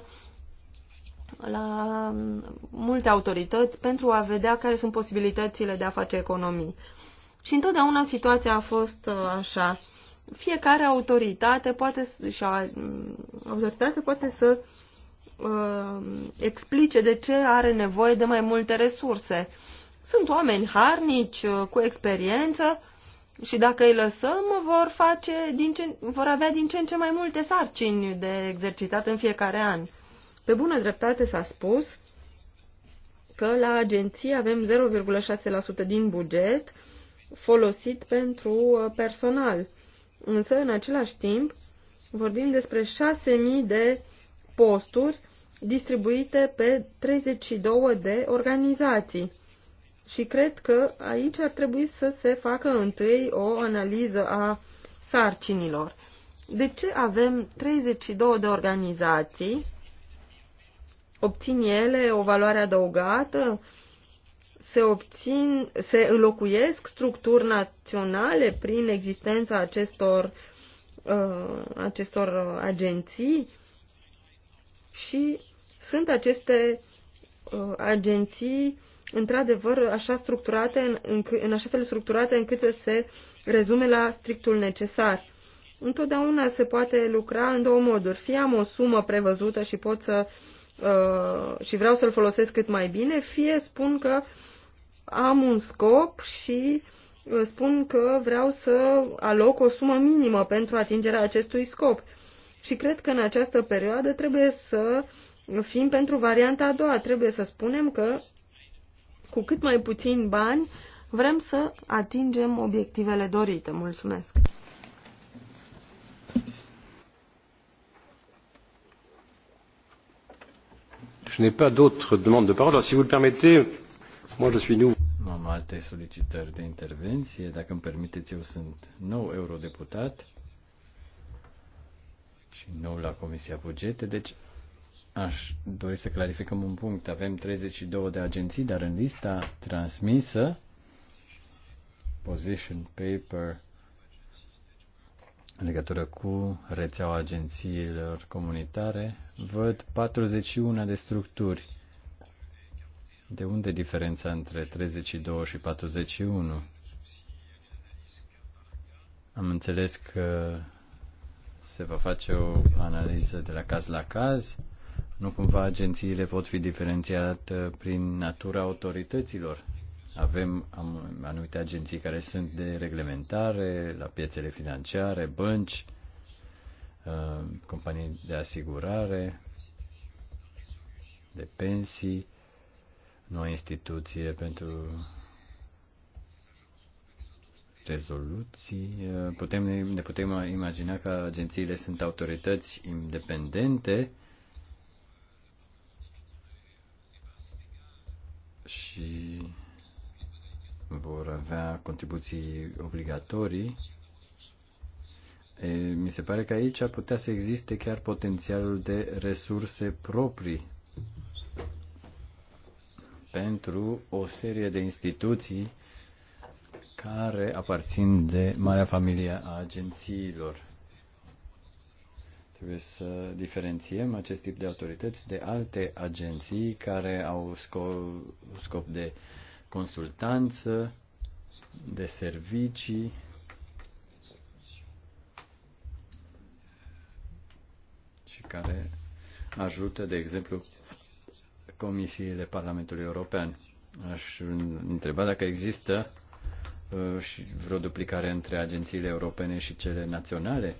Speaker 3: la um, multe autorități pentru a vedea care sunt posibilitățile de a face economii. Și întotdeauna situația a fost uh, așa. Fiecare autoritate poate, și a, um, autoritate poate să uh, uh, explice de ce are nevoie de mai multe resurse. Sunt oameni harnici, uh, cu experiență și dacă îi lăsăm, vor, face din ce, vor avea din ce în ce mai multe sarcini de exercitat în fiecare an. Pe bună dreptate s-a spus că la agenție avem 0,6% din buget folosit pentru uh, personal. Însă, în același timp, vorbim despre 6.000 de posturi distribuite pe 32 de organizații. Și cred că aici ar trebui să se facă întâi o analiză a sarcinilor. De ce avem 32 de organizații? Obțin ele o valoare adăugată? Se, obțin, se înlocuiesc structuri naționale prin existența acestor, uh, acestor uh, agenții? Uh, și sunt aceste uh, agenții într-adevăr așa structurate, în, în, în așa fel structurate încât să se rezume la strictul necesar. Întotdeauna se poate lucra în două moduri. Fie am o sumă prevăzută și pot să uh, și vreau să-l folosesc cât mai bine, fie spun că am un scop și uh, spun că vreau să aloc o sumă minimă pentru atingerea acestui scop. Și cred că în această perioadă trebuie să fim pentru varianta a doua. Trebuie să spunem că cu cât mai puțin bani vrem să atingem obiectivele dorite. Mulțumesc!
Speaker 1: Je n'ai pas d'autres demandes de parole. Si vous le permettez, moi je suis nouveau. Am alte solicitări de intervenție. Dacă îmi permiteți, eu sunt nou eurodeputat și nou la Comisia Bugete, deci aș dori să clarificăm un punct. Avem 32 de agenții, dar în lista transmisă, position paper, în legătură cu rețeaua agențiilor comunitare, văd 41 de structuri. De unde diferența între 32 și 41? Am înțeles că se va face o analiză de la caz la caz. Nu cumva agențiile pot fi diferențiate prin natura autorităților. Avem anumite agenții care sunt de reglementare, la piețele financiare, bănci, uh, companii de asigurare, de pensii, noi instituție pentru rezoluții, putem, ne putem imagina că agențiile sunt autorități independente și vor avea contribuții obligatorii. E, mi se pare că aici ar putea să existe chiar potențialul de resurse proprii pentru o serie de instituții care aparțin de marea familie a agențiilor. Trebuie să diferențiem acest tip de autorități de alte agenții care au scop, scop de consultanță, de servicii, și care ajută, de exemplu, comisiile Parlamentului European. Aș întreba dacă există Uh, și vreo duplicare între agențiile europene și cele naționale.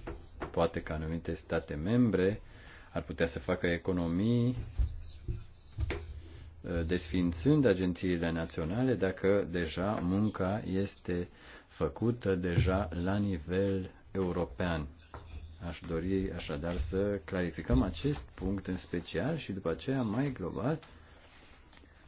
Speaker 1: Poate că anumite state membre ar putea să facă economii uh, desfințând agențiile naționale dacă deja munca este făcută deja la nivel european. Aș dori așadar să clarificăm acest punct în special și după aceea mai global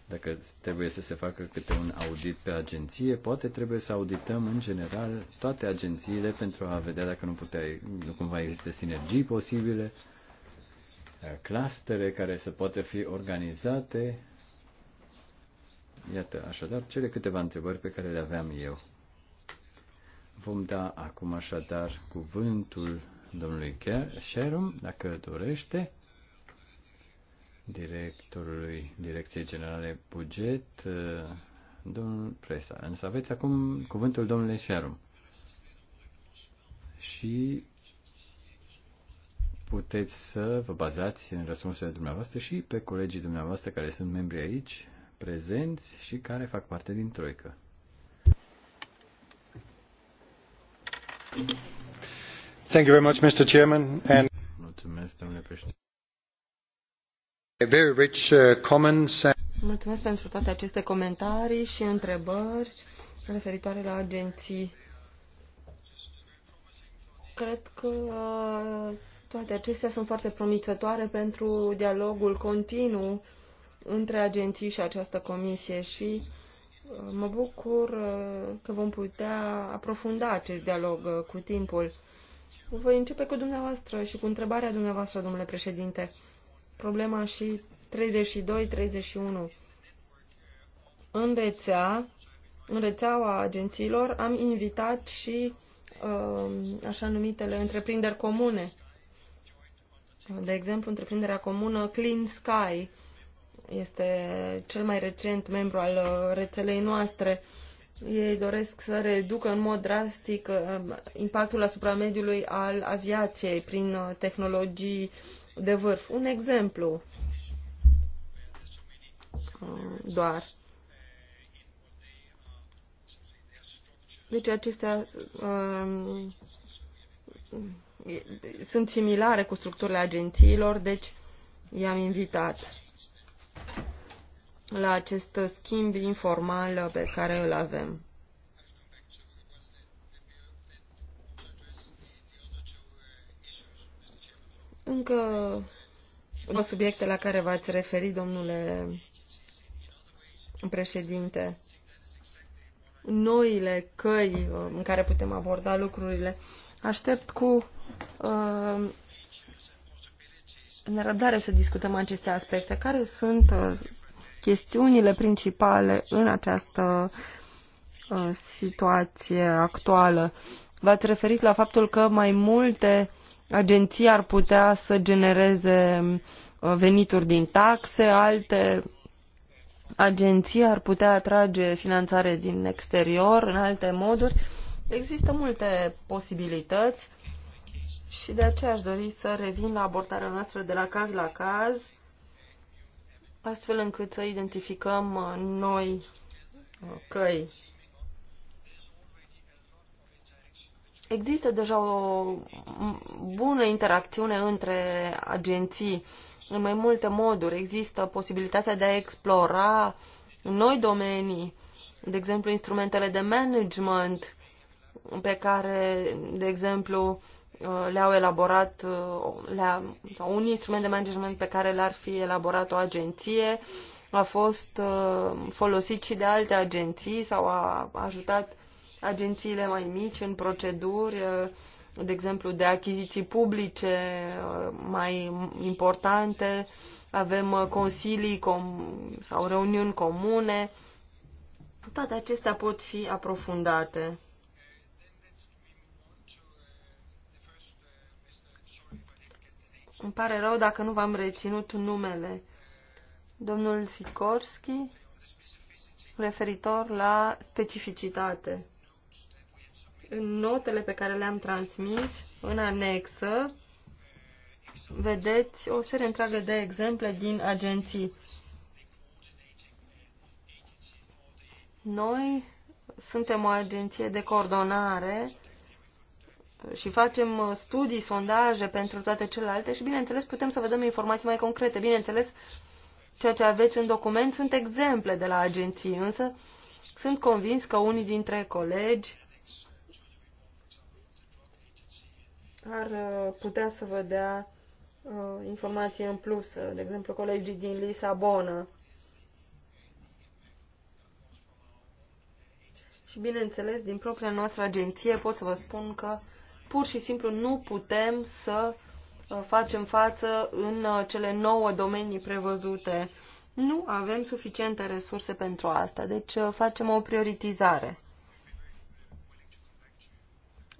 Speaker 1: dacă trebuie să se facă câte un audit pe agenție, poate trebuie să audităm în general toate agențiile pentru a vedea dacă nu, putea, nu cumva există sinergii posibile, uh, clustere care să poată fi organizate. Iată, așadar, cele câteva întrebări pe care le aveam eu. Vom da acum așadar cuvântul domnului Sherum, dacă dorește directorului Direcției Generale Buget, uh, domnul Presa. Însă aveți acum cuvântul domnului Șerum. Și puteți să vă bazați în răspunsurile dumneavoastră și pe colegii dumneavoastră care sunt membri aici, prezenți și care fac parte din Troică. Thank you very much, Mr. Chairman. And... Mulțumesc, domnule președinte. Very rich uh, comments.
Speaker 3: Mulțumesc pentru toate aceste comentarii și întrebări referitoare la agenții. Cred că uh, toate acestea sunt foarte promițătoare pentru dialogul continuu între agenții și această comisie și uh, mă bucur că vom putea aprofunda acest dialog cu timpul. Voi începe cu dumneavoastră și cu întrebarea dumneavoastră, domnule președinte problema și 32-31. În rețea, în rețeaua agențiilor am invitat și um, așa numitele întreprinderi comune. De exemplu, întreprinderea comună Clean Sky este cel mai recent membru al uh, rețelei noastre. Ei doresc să reducă în mod drastic um, impactul asupra mediului al aviației prin uh, tehnologii de vârf. Un exemplu uh, doar. Deci acestea um, sunt similare cu structurile agențiilor, deci i-am invitat la acest schimb informal pe care îl avem. Încă o subiecte la care v-ați referit, domnule președinte. Noile căi uh, în care putem aborda lucrurile. Aștept cu uh, nerăbdare să discutăm aceste aspecte. Care sunt uh, chestiunile principale în această uh, situație actuală? V-ați referit la faptul că mai multe uh, agenția ar putea să genereze uh, venituri din taxe, alte agenții ar putea atrage finanțare din exterior în alte moduri. Există multe posibilități și de aceea aș dori să revin la abordarea noastră de la caz la caz, astfel încât să identificăm uh, noi uh, căi Există deja o bună interacțiune între agenții în mai multe moduri. Există posibilitatea de a explora noi domenii, de exemplu instrumentele de management pe care, de exemplu, uh, le-au elaborat, uh, le sau un instrument de management pe care l-ar fi elaborat o agenție a fost uh, folosit și de alte agenții sau a ajutat agențiile mai mici în proceduri, uh, de exemplu, de achiziții publice uh, mai importante, avem uh, consilii com- sau reuniuni comune. Toate acestea pot fi aprofundate. Îmi pare rău dacă nu v-am reținut numele. Domnul Sikorski, referitor la specificitate. În notele pe care le-am transmis, în anexă, vedeți o serie întreagă de exemple din agenții. Noi suntem o agenție de coordonare și facem studii, sondaje pentru toate celelalte și, bineînțeles, putem să vedem informații mai concrete. Bineînțeles, ceea ce aveți în document sunt exemple de la agenții, însă sunt convins că unii dintre colegi ar uh, putea să vă dea uh, informații în plus, uh, de exemplu colegii din Lisabona. Și bineînțeles, din propria noastră agenție pot să vă spun că pur și simplu nu putem să facem față în cele nouă domenii prevăzute. Nu avem suficiente resurse pentru asta, deci facem o prioritizare.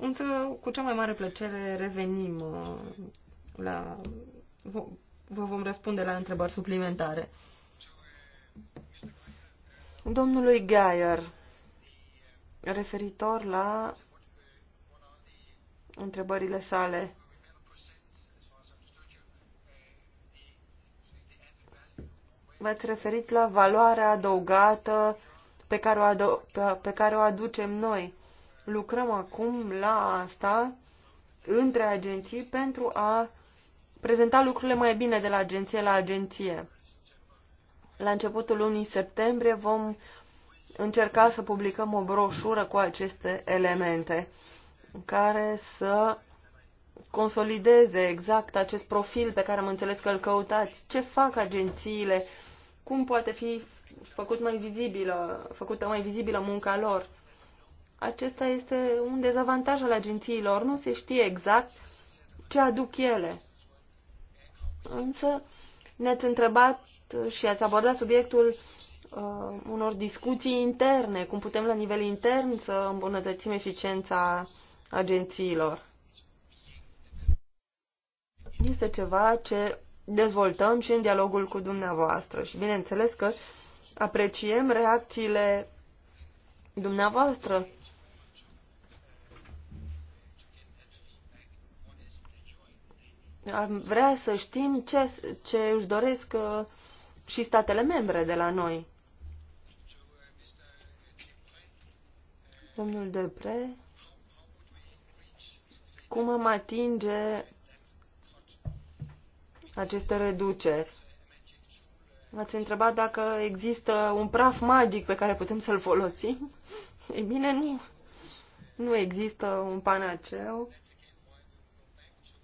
Speaker 3: Însă, cu cea mai mare plăcere, revenim uh, la... Vă vom răspunde la întrebări suplimentare. Domnului Gaier, referitor la întrebările sale. V-ați referit la valoarea adăugată pe care o, adu- pe care o aducem noi. Lucrăm acum la asta între agenții pentru a prezenta lucrurile mai bine de la agenție la agenție. La începutul lunii septembrie vom încerca să publicăm o broșură cu aceste elemente care să consolideze exact acest profil pe care am înțeles că îl căutați. Ce fac agențiile? Cum poate fi făcut mai vizibilă, făcută mai vizibilă munca lor? acesta este un dezavantaj al agențiilor. Nu se știe exact ce aduc ele. Însă ne-ați întrebat și ați abordat subiectul uh, unor discuții interne, cum putem la nivel intern să îmbunătățim eficiența agențiilor. Este ceva ce dezvoltăm și în dialogul cu dumneavoastră și bineînțeles că apreciem reacțiile dumneavoastră Am vrea să știm ce, ce își doresc uh, și statele membre de la noi. Domnul Depre, cum am atinge aceste reduceri? Ați întrebat dacă există un praf magic pe care putem să-l folosim? Ei bine, nu. Nu există un panaceu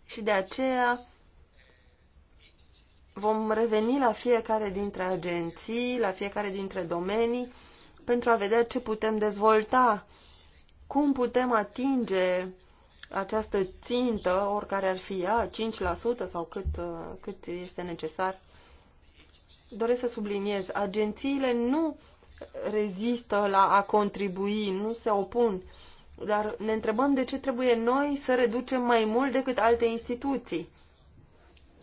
Speaker 3: și de aceea vom reveni la fiecare dintre agenții, la fiecare dintre domenii, pentru a vedea ce putem dezvolta, cum putem atinge această țintă, oricare ar fi ea, 5% sau cât, uh, cât este necesar. Doresc să subliniez, agențiile nu rezistă la a contribui, nu se opun. Dar ne întrebăm de ce trebuie noi să reducem mai mult decât alte instituții.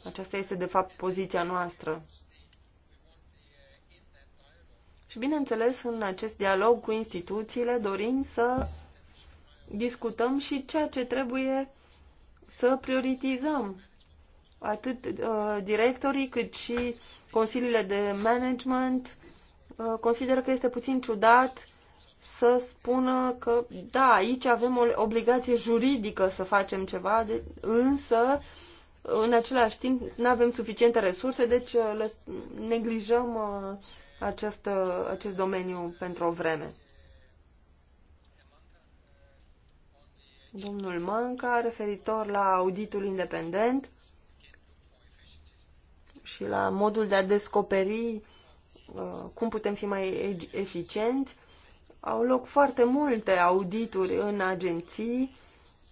Speaker 3: Aceasta este, de fapt, poziția noastră. Și, bineînțeles, în acest dialog cu instituțiile dorim să discutăm și ceea ce trebuie să prioritizăm. Atât uh, directorii cât și consiliile de management uh, consideră că este puțin ciudat să spună că, da, aici avem o obligație juridică să facem ceva, de, însă, în același timp, nu avem suficiente resurse, deci uh, le neglijăm uh, acest, uh, acest domeniu pentru o vreme. Domnul Manca, referitor la auditul independent și la modul de a descoperi cum putem fi mai eficienți, au loc foarte multe audituri în agenții,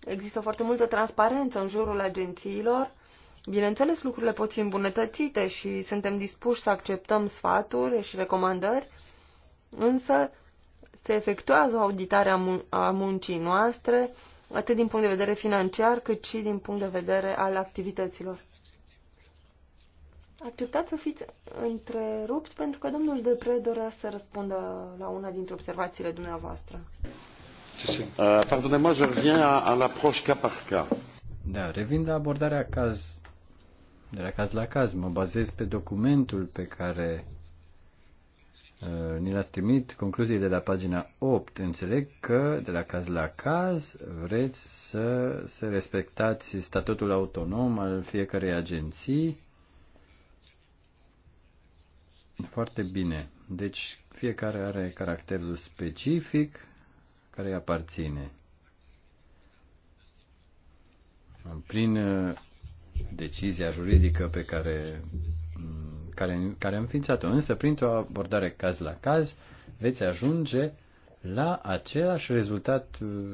Speaker 3: există foarte multă transparență în jurul agențiilor. Bineînțeles, lucrurile pot fi îmbunătățite și suntem dispuși să acceptăm sfaturi și recomandări, însă se efectuează o auditare a, mun- a muncii noastre, atât din punct de vedere financiar, cât și din punct de vedere al activităților. Acceptați să fiți întrerupt pentru că domnul de pre dorea să răspundă la una dintre observațiile dumneavoastră.
Speaker 1: Uh, Pardonnez-moi, je reviens à, l'approche cas par cas. Da, revin la abordarea caz, de la caz la caz. Mă bazez pe documentul pe care uh, ni l-ați trimit, concluziile de la pagina 8. Înțeleg că de la caz la caz vreți să, să respectați statutul autonom al fiecarei agenții, foarte bine. Deci fiecare are caracterul specific care îi aparține. Prin uh, decizia juridică pe care, mm, care, care am ființat-o, însă printr-o abordare caz la caz, veți ajunge la același rezultat uh,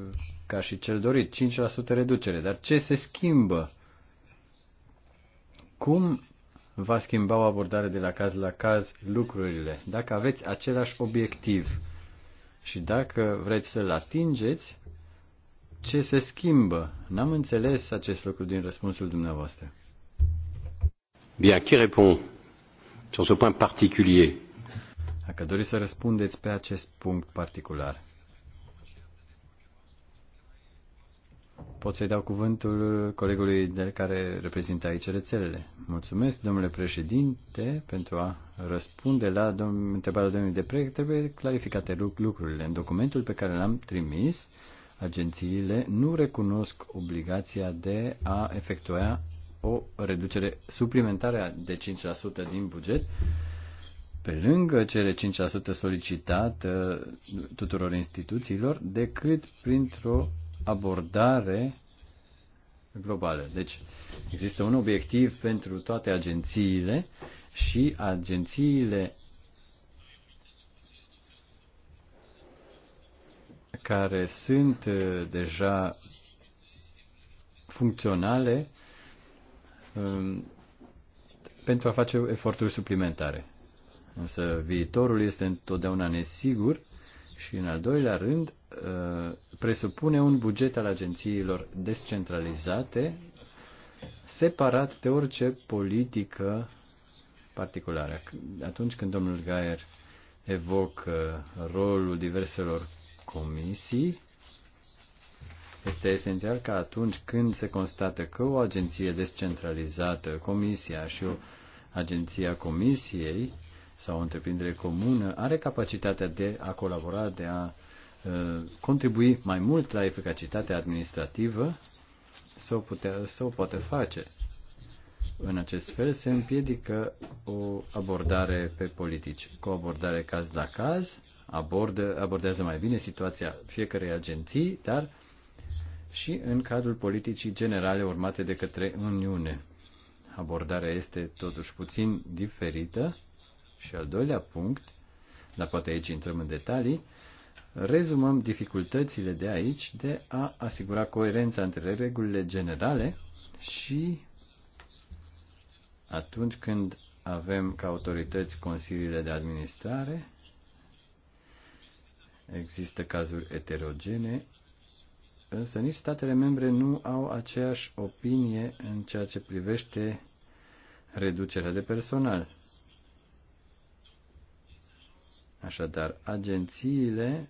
Speaker 1: ca și cel dorit, 5% reducere. Dar ce se schimbă? Cum va schimba o abordare de la caz la caz lucrurile. Dacă aveți același obiectiv și dacă vreți să-l atingeți, ce se schimbă? N-am înțeles acest lucru din răspunsul dumneavoastră. Bien, qui répond sur ce point particulier? Dacă doriți să răspundeți pe acest punct particular. Pot să-i dau cuvântul colegului de care reprezintă aici rețelele. Mulțumesc, domnule președinte, pentru a răspunde la domn, întrebarea domnului Deprec. Trebuie clarificate lucrurile. În documentul pe care l-am trimis, agențiile nu recunosc obligația de a efectua o reducere suplimentară de 5% din buget, pe lângă cele 5% solicitat tuturor instituțiilor, decât printr-o abordare globală. Deci există un obiectiv pentru toate agențiile și agențiile care sunt uh, deja funcționale um, pentru a face eforturi suplimentare. Însă viitorul este întotdeauna nesigur și, în al doilea rând, uh, presupune un buget al agențiilor descentralizate, separat de orice politică particulară. Atunci când domnul Gaier evocă rolul diverselor comisii, este esențial că atunci când se constată că o agenție descentralizată, comisia și o agenție a comisiei sau o întreprindere comună are capacitatea de a colabora, de a Uh, contribui mai mult la eficacitatea administrativă sau, putea, o poate face. În acest fel se împiedică o abordare pe politici. Cu o abordare caz la caz, abordă, abordează mai bine situația fiecărei agenții, dar și în cadrul politicii generale urmate de către Uniune. Abordarea este totuși puțin diferită și al doilea punct, dar poate aici intrăm în detalii, rezumăm dificultățile de aici de a asigura coerența între regulile generale și atunci când avem ca autorități consiliile de administrare, există cazuri eterogene, însă nici statele membre nu au aceeași opinie în ceea ce privește reducerea de personal. Așadar, agențiile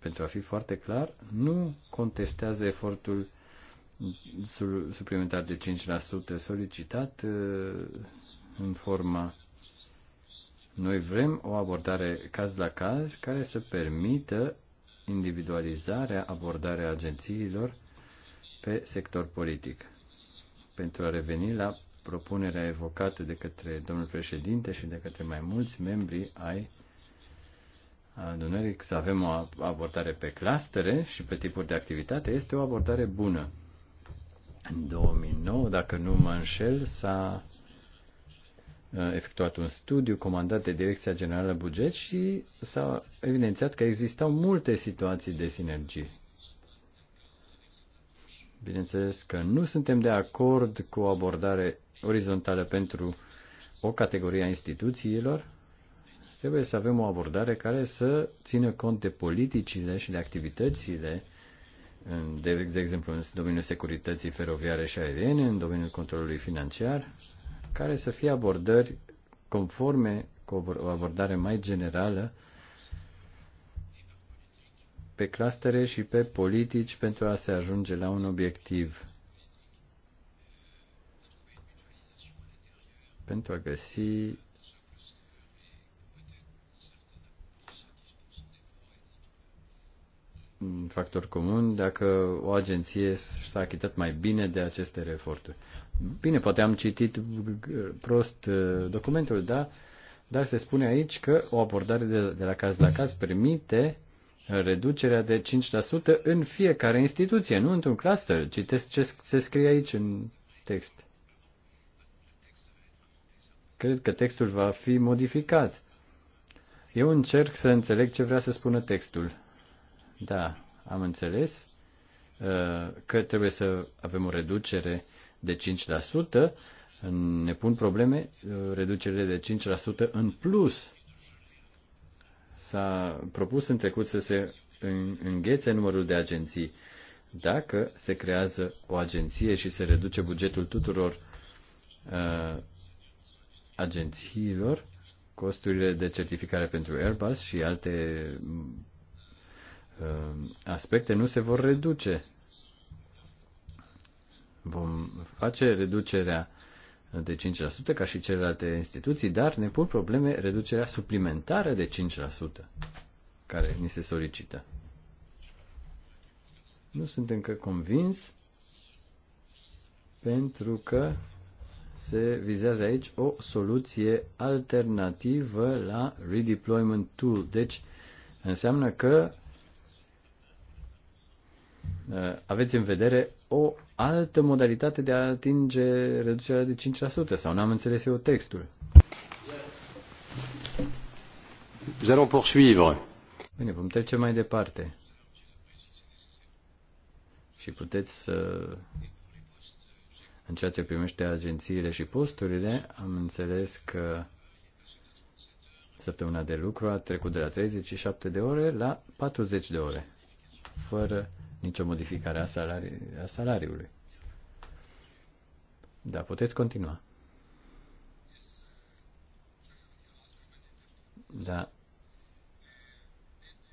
Speaker 1: pentru a fi foarte clar, nu contestează efortul suplimentar de 5% solicitat uh, în forma. Noi vrem o abordare caz la caz care să permită individualizarea, abordarea agențiilor pe sector politic. Pentru a reveni la propunerea evocată de către domnul președinte și de către mai mulți membri ai adunării, să avem o abordare pe clastere și pe tipuri de activitate, este o abordare bună. În 2009, dacă nu mă înșel, s-a uh, efectuat un studiu comandat de Direcția Generală Buget și s-a evidențiat că existau multe situații de sinergii. Bineînțeles că nu suntem de acord cu o abordare orizontală pentru o categorie a instituțiilor, Trebuie să avem o abordare care să țină cont de politicile și de activitățile, de, de exemplu, în domeniul securității feroviare și aeriene, în domeniul controlului financiar, care să fie abordări conforme cu o abordare mai generală pe clastere și pe politici pentru a se ajunge la un obiectiv. Pentru a găsi factor comun dacă o agenție s-a achitat mai bine de aceste eforturi. Bine, poate am citit prost uh, documentul, da, dar se spune aici că o abordare de, de la caz la caz permite uh, reducerea de 5% în fiecare instituție, nu într-un cluster. Citesc ce se scrie aici în text. Cred că textul va fi modificat. Eu încerc să înțeleg ce vrea să spună textul. Da, am înțeles uh, că trebuie să avem o reducere de 5%. Ne pun probleme uh, reducerile de 5% în plus. S-a propus în trecut să se înghețe numărul de agenții. Dacă se creează o agenție și se reduce bugetul tuturor uh, agențiilor, costurile de certificare pentru Airbus și alte Uh, aspecte nu se vor reduce. Vom face reducerea de 5% ca și celelalte instituții, dar ne pun probleme reducerea suplimentară de 5% care ni se solicită. Nu sunt încă convins pentru că se vizează aici o soluție alternativă la redeployment tool. Deci înseamnă că Eh, aveți în vedere o altă modalitate de a atinge reducerea de 5% sau n-am înțeles eu textul? Nous allons poursuivre. Bine, vom trece mai departe. Și puteți să... În ceea ce primește agențiile și posturile, am înțeles că săptămâna de lucru a trecut de la 37 de ore la 40 de ore, fără nicio modificare a, salari- a salariului. Da, puteți continua. Da.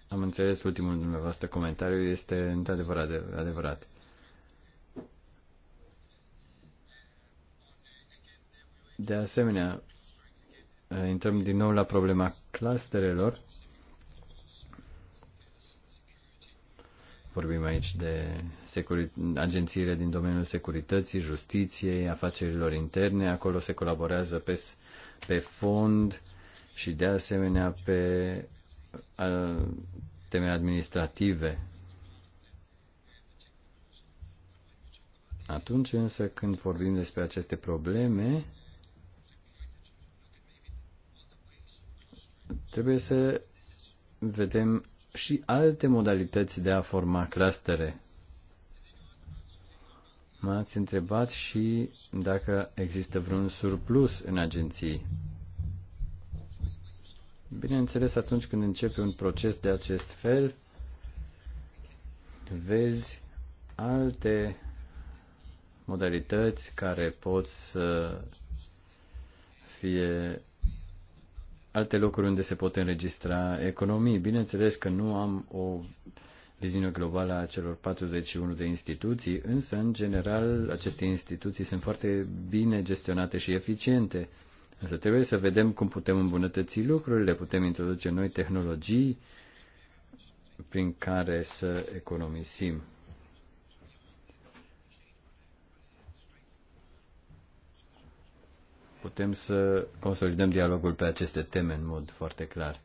Speaker 1: Am înțeles ultimul dumneavoastră comentariu, este într-adevăr adevărat. De asemenea, intrăm din nou la problema clusterelor Vorbim aici de agențiile din domeniul securității, justiției, afacerilor interne. Acolo se colaborează pe, pe fond și de asemenea pe a, teme administrative. Atunci însă când vorbim despre aceste probleme, trebuie să vedem și alte modalități de a forma clastere. M-ați întrebat și dacă există vreun surplus în agenții. Bineînțeles, atunci când începe un proces de acest fel, vezi alte modalități care pot să fie alte locuri unde se pot înregistra economii. Bineînțeles că nu am o viziune globală a celor 41 de instituții, însă, în general, aceste instituții sunt foarte bine gestionate și eficiente. Însă trebuie să vedem cum putem îmbunătăți lucrurile, putem introduce noi tehnologii prin care să economisim. putem să consolidăm dialogul pe aceste teme în mod foarte clar.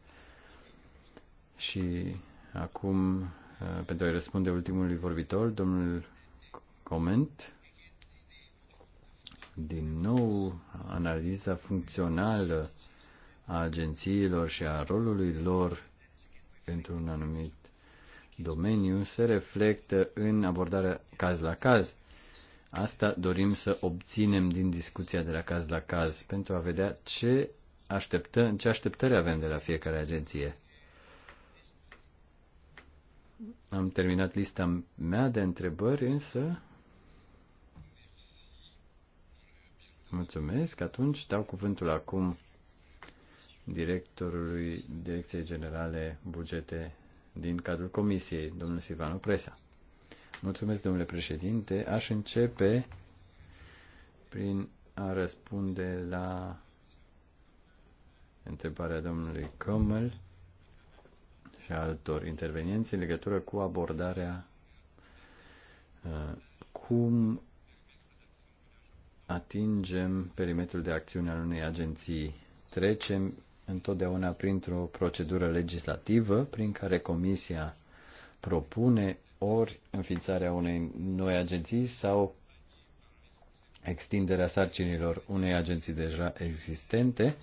Speaker 1: Și acum, eh, pentru a-i răspunde ultimului vorbitor, domnul Coment, din nou analiza funcțională a agențiilor și a rolului lor pentru un anumit domeniu se reflectă în abordarea caz la caz. Asta dorim să obținem din discuția de la caz la caz, pentru a vedea ce așteptă, ce așteptări avem de la fiecare agenție. Am terminat lista mea de întrebări, însă Mulțumesc. Atunci dau cuvântul acum directorului Direcției Generale Bugete din cadrul Comisiei, domnul Silvano Presa. Mulțumesc, domnule președinte. Aș începe prin a răspunde la întrebarea domnului Comel și altor intervenienți în legătură cu abordarea uh, cum atingem perimetrul de acțiune al unei agenții. Trecem întotdeauna printr-o procedură legislativă prin care Comisia propune ori înființarea unei noi agenții sau extinderea sarcinilor unei agenții deja existente.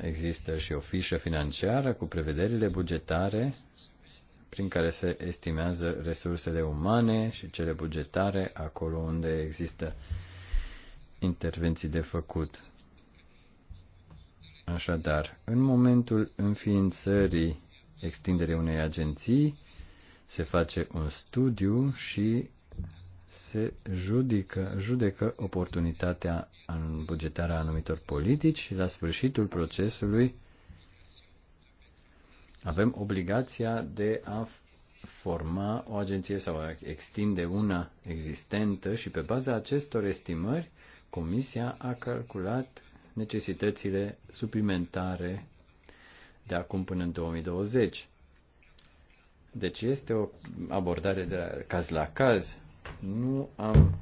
Speaker 1: Există și o fișă financiară cu prevederile bugetare prin care se estimează resursele umane și cele bugetare acolo unde există intervenții de făcut. Așadar, în momentul înființării extinderii unei agenții, se face un studiu și se judecă, judecă oportunitatea în bugetarea a anumitor politici și la sfârșitul procesului avem obligația de a forma o agenție sau a extinde una existentă și pe baza acestor estimări Comisia a calculat necesitățile suplimentare de acum până în 2020. Deci este o abordare de la caz la caz. Nu am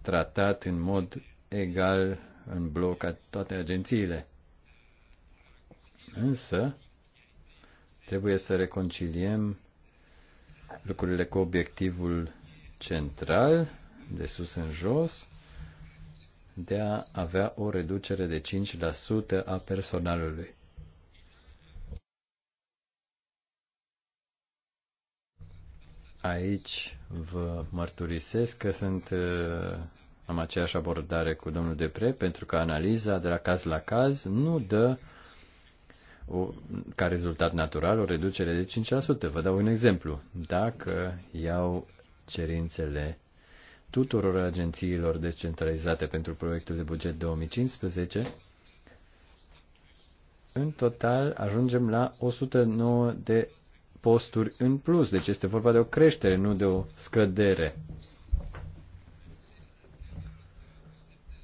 Speaker 1: tratat în mod egal în bloc toate agențiile. Însă, trebuie să reconciliem lucrurile cu obiectivul central, de sus în jos, de a avea o reducere de 5% a personalului. Aici vă mărturisesc că sunt, uh, am aceeași abordare cu domnul Depre, pentru că analiza de la caz la caz nu dă o, ca rezultat natural o reducere de 5%. Vă dau un exemplu. Dacă iau cerințele tuturor agențiilor descentralizate pentru proiectul de buget 2015, în total ajungem la 109 de posturi în plus. Deci este vorba de o creștere, nu de o scădere.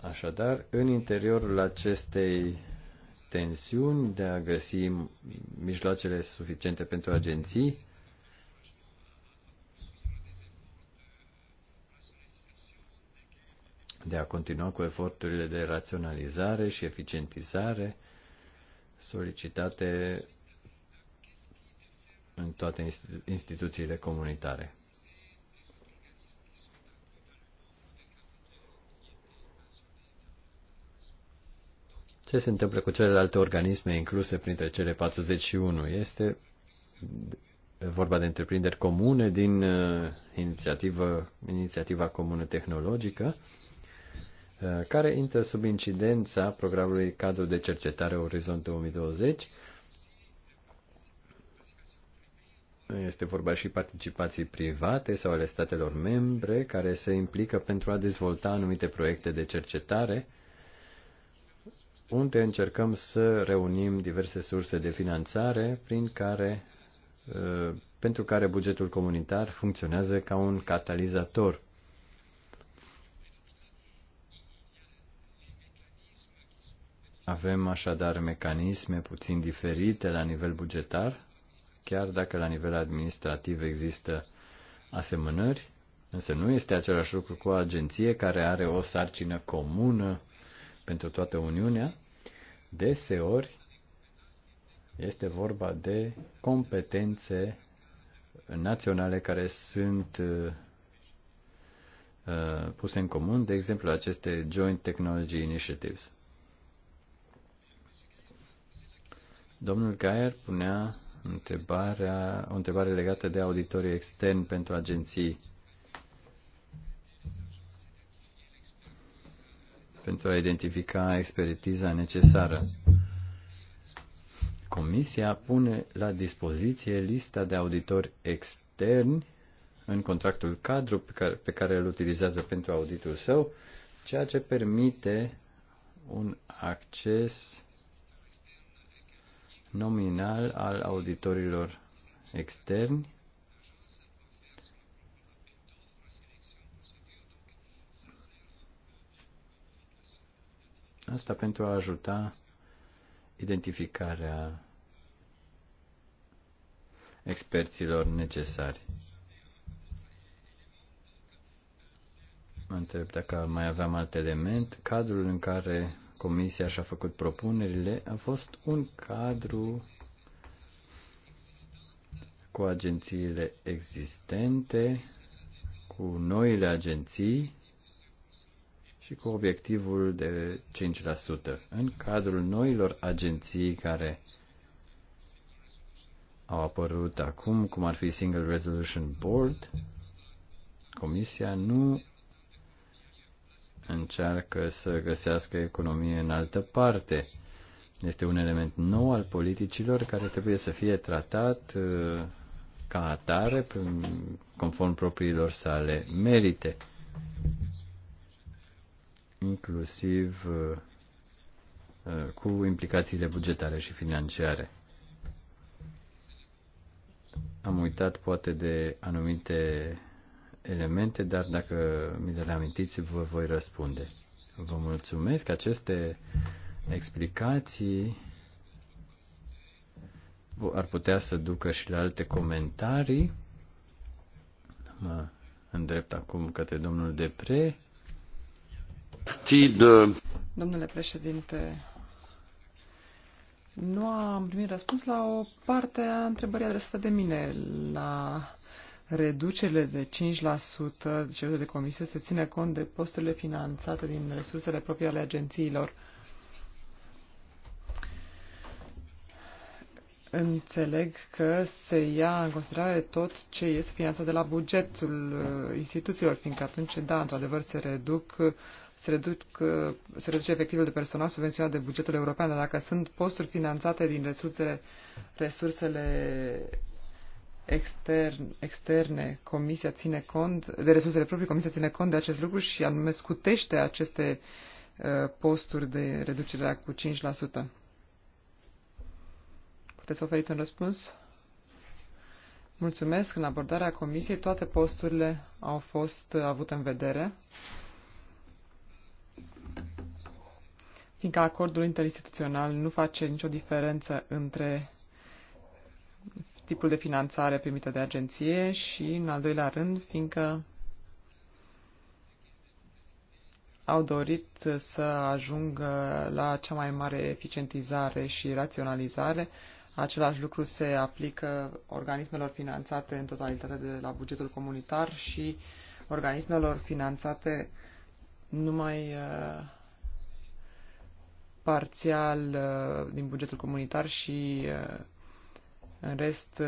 Speaker 1: Așadar, în interiorul acestei tensiuni de a găsi mijloacele suficiente pentru agenții, de a continua cu eforturile de raționalizare și eficientizare solicitate în toate instituțiile comunitare. Ce se întâmplă cu celelalte organisme incluse printre cele 41? Este vorba de întreprinderi comune din uh, inițiativă, inițiativa comună tehnologică, uh, care intră sub incidența programului cadru de cercetare Orizont 2020, Este vorba și participații private sau ale statelor membre care se implică pentru a dezvolta anumite proiecte de cercetare, unde încercăm să reunim diverse surse de finanțare prin care, uh, pentru care bugetul comunitar funcționează ca un catalizator. Avem așadar mecanisme puțin diferite la nivel bugetar chiar dacă la nivel administrativ există asemănări, însă nu este același lucru cu o agenție care are o sarcină comună pentru toată Uniunea, deseori este vorba de competențe naționale care sunt uh, puse în comun, de exemplu aceste Joint Technology Initiatives. Domnul Gaier punea Întrebarea, o întrebare legată de auditorii externi pentru agenții. Pentru a identifica expertiza necesară. Comisia pune la dispoziție lista de auditori externi în contractul cadru pe care, pe care îl utilizează pentru auditul său, ceea ce permite un acces nominal al auditorilor externi Asta pentru a ajuta identificarea experților necesari. Mă întreb dacă mai aveam alt element. Cadrul în care Comisia și-a făcut propunerile a fost un cadru cu agențiile existente, cu noile agenții și cu obiectivul de 5%. În cadrul noilor agenții care au apărut acum, cum ar fi Single Resolution Board, Comisia nu încearcă să găsească economie în altă parte. Este un element nou al politicilor care trebuie să fie tratat uh, ca atare conform propriilor sale merite, inclusiv uh, uh, cu implicațiile bugetare și financiare. Am uitat poate de anumite elemente, dar dacă mi le amintiți, vă voi răspunde. Vă mulțumesc. Aceste explicații ar putea să ducă și la alte comentarii. Mă îndrept acum către domnul Depre. Tidă.
Speaker 2: Domnule președinte, nu am primit răspuns la o parte a întrebării adresată de mine, la reducerile de 5% cerute de comisie se ține cont de posturile finanțate din resursele proprii ale agențiilor. Înțeleg că se ia în considerare tot ce este finanțat de la bugetul uh, instituțiilor, fiindcă atunci, da, într-adevăr, se reduc uh, se, reduc, uh, se reduce efectivul de personal subvenționat de bugetul european, dar dacă sunt posturi finanțate din resursele, resursele extern, externe, comisia ține cont, de resursele proprii, comisia ține cont de acest lucru și anume scutește aceste uh, posturi de reducere cu 5%. Puteți să oferiți un răspuns? Mulțumesc. În abordarea comisiei, toate posturile au fost uh, avute în vedere. Fiindcă acordul interinstituțional nu face nicio diferență între tipul de finanțare primită de agenție și, în al doilea rând, fiindcă au dorit să ajungă la cea mai mare eficientizare și raționalizare. Același lucru se aplică organismelor finanțate în totalitate de la bugetul comunitar și organismelor finanțate numai uh, parțial uh, din bugetul comunitar și uh, în rest,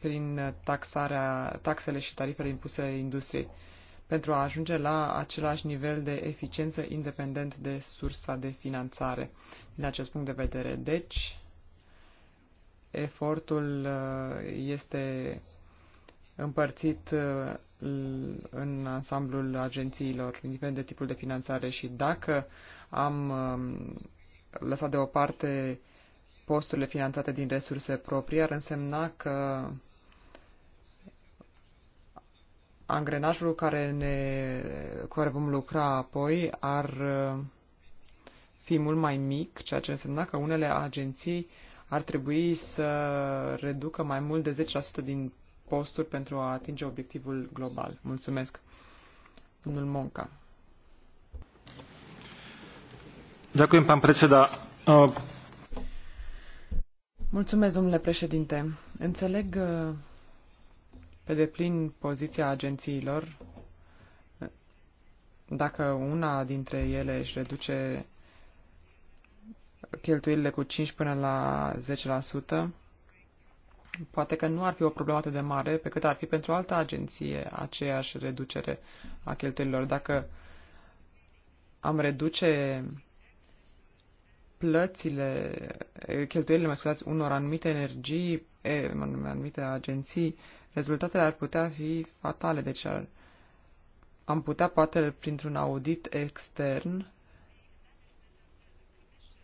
Speaker 2: prin taxarea, taxele și tarifele impuse industriei, pentru a ajunge la același nivel de eficiență independent de sursa de finanțare. Din acest punct de vedere, deci, efortul uh, este împărțit uh, în ansamblul agențiilor, indiferent de tipul de finanțare și dacă am uh, lăsat deoparte posturile finanțate din resurse proprii ar însemna că angrenajul care, ne, cu care vom lucra apoi ar uh, fi mult mai mic, ceea ce însemna că unele agenții ar trebui să reducă mai mult de 10% din posturi pentru a atinge obiectivul global. Mulțumesc. Domnul Monca.
Speaker 3: Ďakujem, pan predseda. Uh,
Speaker 2: Mulțumesc, domnule președinte. Înțeleg uh, pe deplin poziția agențiilor. Dacă una dintre ele își reduce cheltuielile cu 5 până la 10%, poate că nu ar fi o problemă atât de mare pe cât ar fi pentru alta agenție aceeași reducere a cheltuielilor. Dacă am reduce plățile, cheltuielile, mă scuzați, unor anumite energii, anumite agenții, rezultatele ar putea fi fatale. Deci ar, am putea, poate, printr-un audit extern,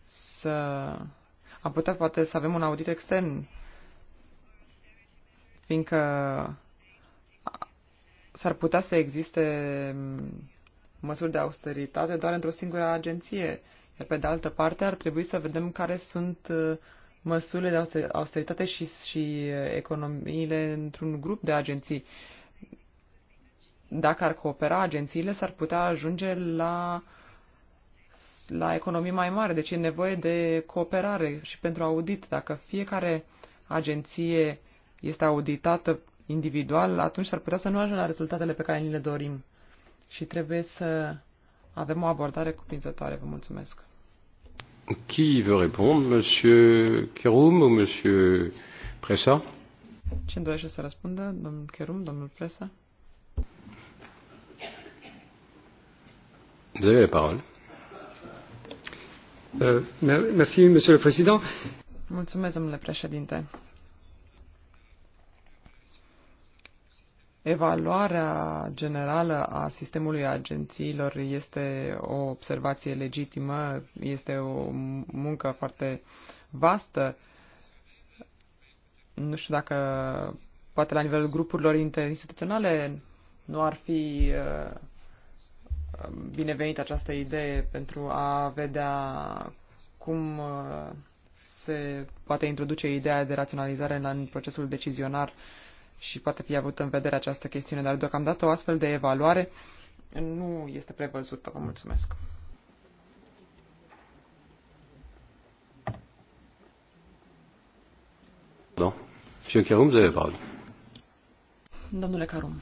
Speaker 2: să... Am putea, poate, să avem un audit extern, fiindcă s-ar putea să existe măsuri de austeritate doar într-o singură agenție iar pe de altă parte ar trebui să vedem care sunt uh, măsurile de austeritate și, și uh, economiile într-un grup de agenții. Dacă ar coopera agențiile, s-ar putea ajunge la la economii mai mari, deci e nevoie de cooperare și pentru audit. Dacă fiecare agenție este auditată individual, atunci s-ar putea să nu ajungă la rezultatele pe care ni le dorim. Și trebuie să avem o abordare cuprinzătoare. Vă mulțumesc.
Speaker 1: Qui veut répondre, Monsieur Kerum ou Monsieur Pressa?
Speaker 2: Cine dorește să răspundă, domnul Kerum, domnul Pressa?
Speaker 1: Vous avez la parole. Euh, merci, Monsieur le Président.
Speaker 2: Mulțumesc, domnule președinte. Evaluarea generală a sistemului agențiilor este o observație legitimă, este o muncă foarte vastă. Nu știu dacă poate la nivelul grupurilor interinstituționale nu ar fi uh, binevenită această idee pentru a vedea cum uh, se poate introduce ideea de raționalizare în procesul decizionar și poate fi avut în vedere această chestiune, dar deocamdată o astfel de evaluare nu este prevăzută. Vă mulțumesc.
Speaker 1: Da. Și Carum de Val.
Speaker 2: Domnule Carum.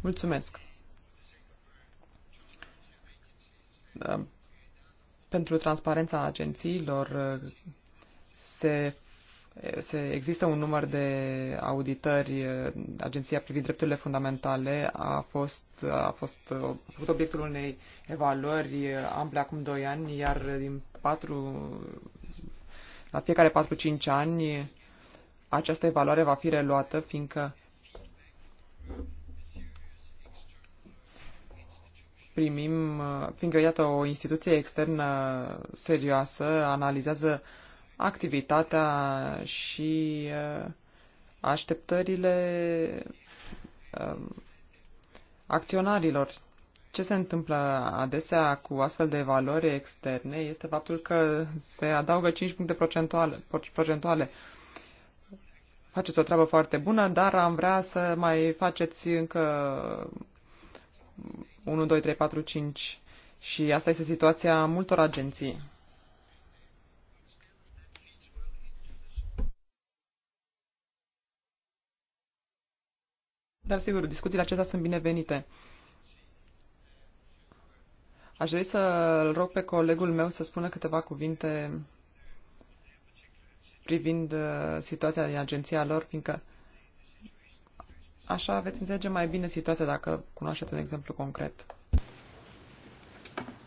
Speaker 2: Mulțumesc. Da. Pentru transparența agențiilor se, se există un număr de auditări, Agenția privind drepturile fundamentale a fost, a fost a făcut obiectul unei evaluări ample acum 2 ani, iar din 4, la fiecare 4-5 ani această evaluare va fi reluată, fiindcă primim, fiindcă, iată, o instituție externă serioasă analizează activitatea și uh, așteptările um, acționarilor. Ce se întâmplă adesea cu astfel de valori externe este faptul că se adaugă 5 puncte procentuale. procentuale. Faceți o treabă foarte bună, dar am vrea să mai faceți încă 1, 2, 3, 4, 5. Și asta este situația multor agenții. Dar sigur, discuțiile acestea sunt binevenite. Aș vrea să-l rog pe colegul meu să spună câteva cuvinte privind uh, situația din agenția lor, fiindcă așa veți înțelege mai bine situația dacă cunoașteți un exemplu concret.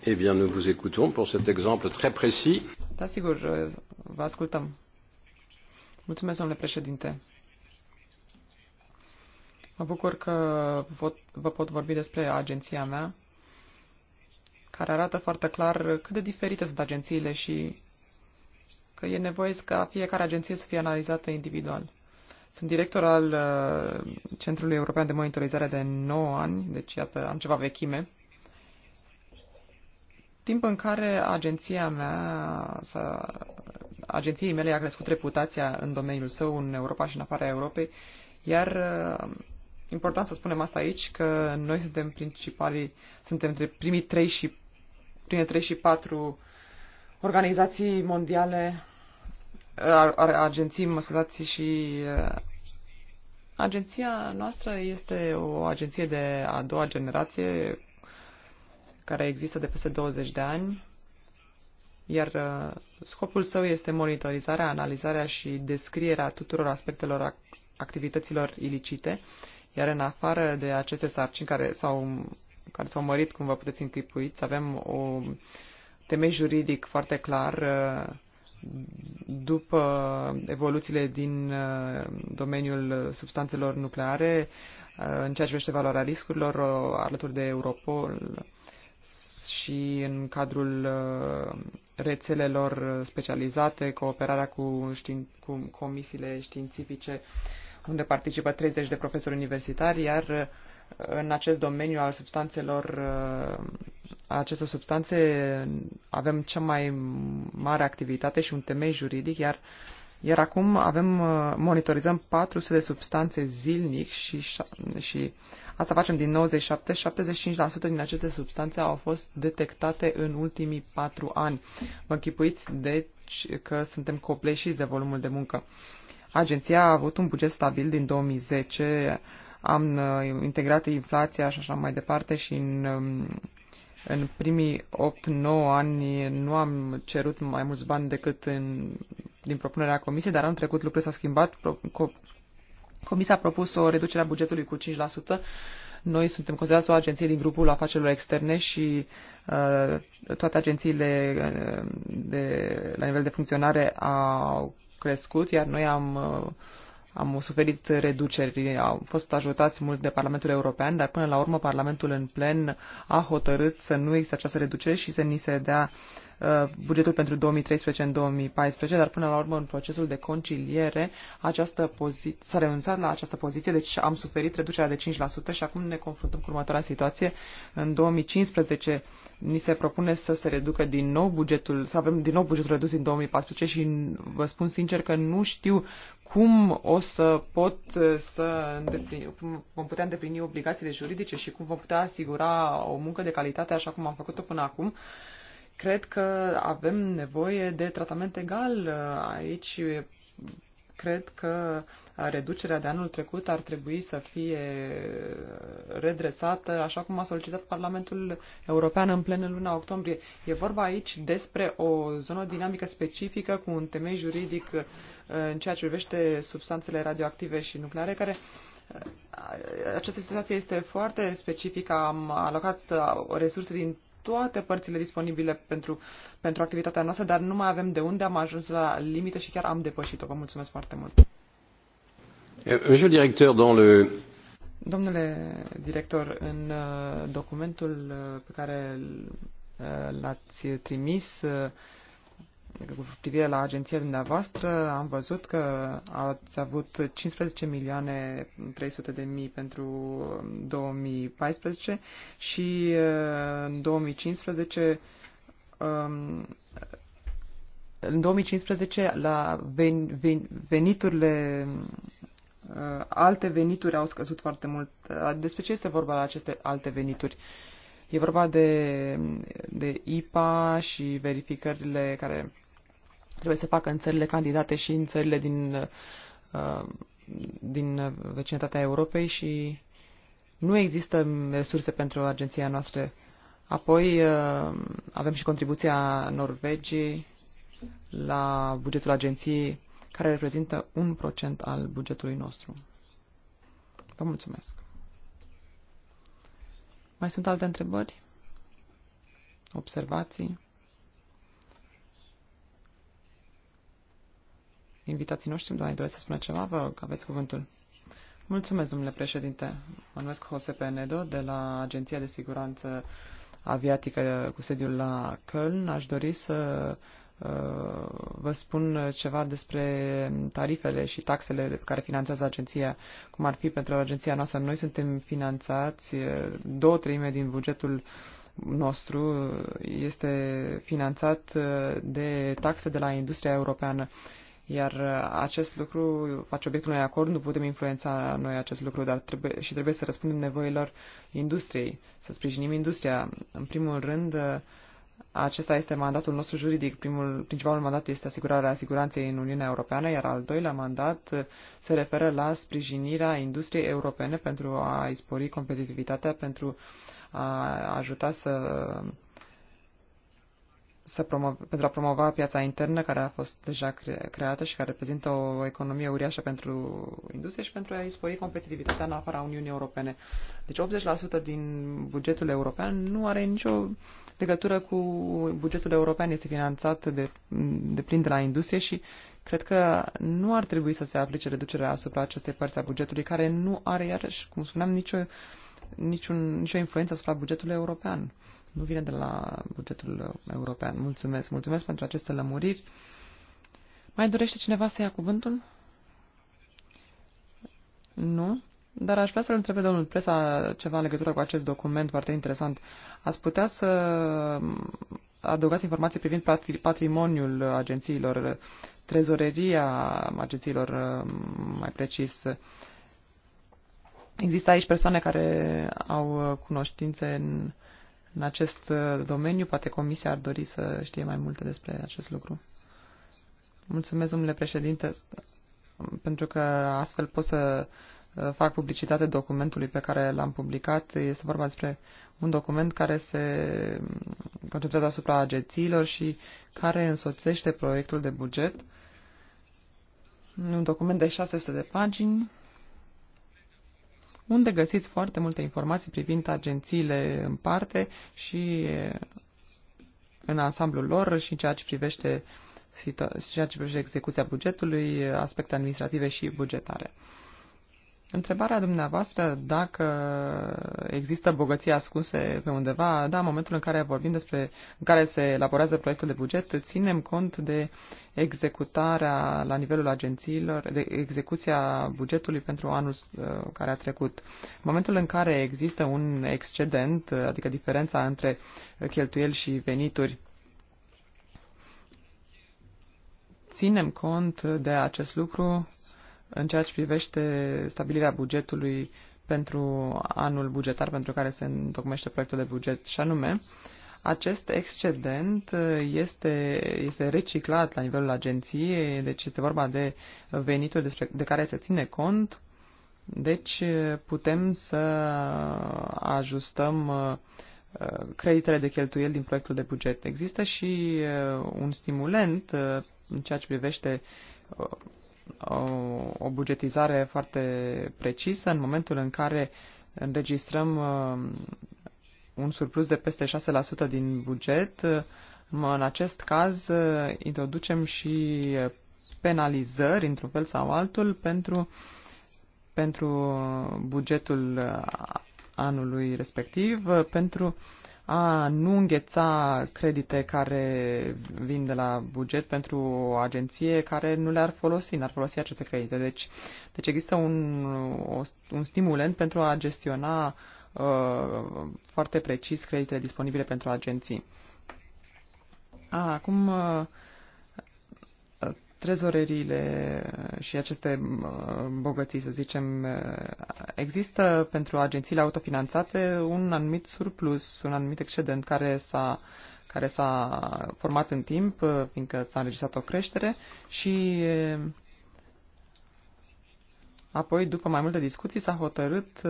Speaker 1: Eh bien, nous vous écoutons pour cet exemple très précis. Da,
Speaker 2: sigur, uh, vă ascultăm. Mulțumesc, domnule președinte. Mă bucur că pot, vă pot vorbi despre agenția mea, care arată foarte clar cât de diferite sunt agențiile și că e nevoie ca fiecare agenție să fie analizată individual. Sunt director al uh, Centrului European de Monitorizare de 9 ani, deci iată, am ceva vechime. Timp în care agenția mea, agenției mele a crescut reputația în domeniul său, în Europa și în afara Europei, iar uh, important să spunem asta aici, că noi suntem principalii, suntem între primii trei și, prime trei și patru organizații mondiale, agenții, mă scuzați, și uh, agenția noastră este o agenție de a doua generație care există de peste 20 de ani, iar uh, scopul său este monitorizarea, analizarea și descrierea tuturor aspectelor activităților ilicite iar în afară de aceste sarcini care s-au, care s-au mărit, cum vă puteți închipuiți, avem o temei juridic foarte clar uh, după evoluțiile din uh, domeniul substanțelor nucleare, uh, în ceea ce vește valoarea riscurilor, alături de Europol și în cadrul rețelelor specializate, cooperarea cu, știin, cu comisiile științifice unde participă 30 de profesori universitari, iar uh, în acest domeniu al substanțelor, a uh, acestor substanțe, avem cea mai mare activitate și un temei juridic, iar iar acum avem, uh, monitorizăm 400 de substanțe zilnic și, și asta facem din 97, 75% din aceste substanțe au fost detectate în ultimii 4 ani. Vă închipuiți, deci, că suntem copleșiți de volumul de muncă agenția a avut un buget stabil din 2010, am uh, integrat inflația și așa mai departe și în, um, în primii 8-9 ani nu am cerut mai mulți bani decât în, din propunerea comisiei, dar anul trecut lucrurile s-a schimbat. Comisia a propus o reducere a bugetului cu 5%. Noi suntem considerați o agenție din grupul afacerilor externe și uh, toate agențiile uh, de, la nivel de funcționare au crescut, iar noi am, uh, am suferit reduceri. Au fost ajutați mult de Parlamentul European, dar până la urmă Parlamentul în plen a hotărât să nu există această reducere și să ni se dea uh, Uh, bugetul pentru 2013 în 2014, dar până la urmă în procesul de conciliere această s-a renunțat la această poziție, deci am suferit reducerea de 5% și acum ne confruntăm cu următoarea situație. În 2015 ni se propune să se reducă din nou bugetul, să avem din nou bugetul redus în 2014 și vă spun sincer că nu știu cum o să pot uh, să îndeplini, cum vom putea îndeplini obligațiile juridice și cum vom putea asigura o muncă de calitate așa cum am făcut-o până acum. Uh, Cred că avem nevoie de tratament egal uh, aici. Cred că reducerea de anul trecut ar trebui să fie redresată, așa cum a solicitat Parlamentul European în plen în luna octombrie. E vorba aici despre o zonă dinamică specifică cu un temei juridic uh, în ceea ce privește substanțele radioactive și nucleare, care uh, această situație este foarte specifică. Am alocat resurse din toate părțile disponibile pentru, pentru activitatea noastră, dar nu mai avem de unde, am ajuns la limite și chiar am depășit-o. Vă mulțumesc foarte mult. Euh, monsieur le
Speaker 1: directeur, dans le...
Speaker 2: Domnule director, în uh, documentul uh, pe care uh, l-ați trimis, cu privire la agenția dumneavoastră, am văzut că ați avut 15 milioane 300 de mii pentru 2014 și uh, în 2015 um, în 2015 la ven, ven, veniturile uh, alte venituri au scăzut foarte mult. Uh, despre ce este vorba la aceste alte venituri? E vorba de, de IPA și verificările care trebuie să facă în țările candidate și în țările din, uh, din vecinătatea Europei și nu există resurse pentru agenția noastră. Apoi uh, avem și contribuția Norvegiei la bugetul agenției, care reprezintă un procent al bugetului nostru. Vă mulțumesc. Mai sunt alte întrebări? Observații? invitații noștri, doamne, doresc să spună ceva, vă rog, aveți cuvântul. Mulțumesc, domnule președinte. Mă numesc Jose Penedo de la Agenția de Siguranță Aviatică cu sediul la Köln. Aș dori să uh, vă spun ceva despre tarifele și taxele pe care finanțează agenția, cum ar fi pentru agenția noastră. Noi suntem finanțați, uh, două treime din bugetul nostru este finanțat uh, de taxe de la industria europeană iar uh, acest lucru face obiectul unui acord, nu putem influența noi acest lucru, dar trebuie, și trebuie să răspundem nevoilor industriei, să sprijinim industria. În primul rând, uh, acesta este mandatul nostru juridic. Primul, principalul mandat este asigurarea siguranței în Uniunea Europeană, iar al doilea mandat uh, se referă la sprijinirea industriei europene pentru a spori competitivitatea, pentru a ajuta să să promove, pentru a promova piața internă care a fost deja cre, creată și care reprezintă o economie uriașă pentru industrie și pentru a-i spori competitivitatea în afara Uniunii Europene. Deci 80% din bugetul european nu are nicio legătură cu bugetul european, este finanțat de, de plin de la industrie și cred că nu ar trebui să se aplice reducerea asupra acestei părți a bugetului, care nu are, iarăși, cum spuneam, nicio, niciun, nicio influență asupra bugetului european nu vine de la bugetul european. Mulțumesc, mulțumesc pentru aceste lămuriri. Mai dorește cineva să ia cuvântul? Nu? Dar aș vrea să-l întrebe domnul Presa ceva în legătură cu acest document foarte interesant. Ați putea să adăugați informații privind patrimoniul agențiilor, trezoreria agențiilor mai precis. Există aici persoane care au cunoștințe în în acest uh, domeniu. Poate Comisia ar dori să știe mai multe despre acest lucru. Mulțumesc, domnule președinte, pentru că astfel pot să uh, fac publicitate documentului pe care l-am publicat. Este vorba despre un document care se mm, concentrează asupra agențiilor și care însoțește proiectul de buget. Un document de 600 de pagini unde găsiți foarte multe informații privind agențiile în parte și în ansamblul lor și în ceea ce privește, ceea ce privește execuția bugetului, aspecte administrative și bugetare. Întrebarea dumneavoastră dacă există bogății ascunse pe undeva, da, în momentul în care vorbim despre, în care se elaborează proiectul de buget, ținem cont de executarea la nivelul agențiilor, de execuția bugetului pentru anul uh, care a trecut. În momentul în care există un excedent, uh, adică diferența între cheltuieli și venituri, ținem cont de acest lucru în ceea ce privește stabilirea bugetului pentru anul bugetar pentru care se întocmește proiectul de buget și anume acest excedent uh, este, este reciclat la nivelul agenției, deci este vorba de venituri despre, de care se ține cont, deci uh, putem să ajustăm uh, creditele de cheltuieli din proiectul de buget. Există și un stimulent în ceea ce privește o bugetizare foarte precisă în momentul în care înregistrăm uh, un surplus de peste 6% din buget. Uh, în acest caz uh, introducem și penalizări, într-un fel sau altul, pentru, pentru bugetul anului respectiv, pentru uh, a nu îngheța credite care vin de la buget pentru o agenție care nu le-ar folosi, n-ar folosi aceste credite. Deci, deci există un, un stimulent pentru a gestiona uh, foarte precis creditele disponibile pentru agenții. A, acum uh, trezoreriile și aceste uh, bogății, să zicem, uh, există pentru agențiile autofinanțate un anumit surplus, un anumit excedent care s-a care s-a format în timp, uh, fiindcă s-a înregistrat o creștere și apoi, după mai multe discuții, s-a hotărât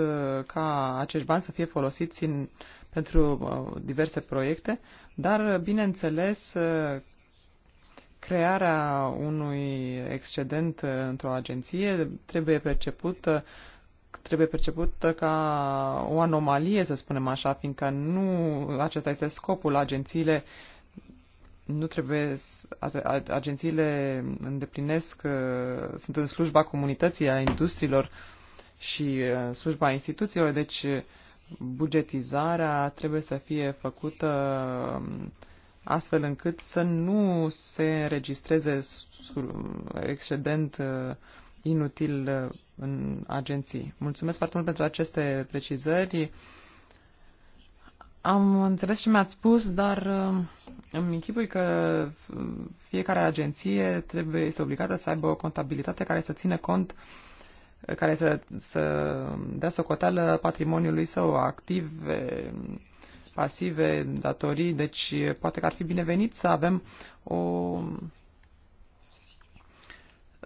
Speaker 2: ca acești bani să fie folosiți în, pentru diverse proiecte, dar, bineînțeles, crearea unui excedent într-o agenție trebuie percepută trebuie percepută ca o anomalie, să spunem așa, fiindcă nu acesta este scopul. Agențiile nu trebuie agențiile îndeplinesc uh, sunt în slujba comunității, a industriilor și în uh, slujba instituțiilor, deci bugetizarea trebuie să fie făcută um, astfel încât să nu se înregistreze excedent uh, inutil uh, în agenții. Mulțumesc foarte mult pentru aceste precizări. Am înțeles ce mi-ați spus, dar uh, îmi închipui că fiecare agenție trebuie, este obligată să aibă o contabilitate care să țină cont, care să, să dea socoteală patrimoniului său, active, pasive, datorii, deci poate că ar fi binevenit să avem o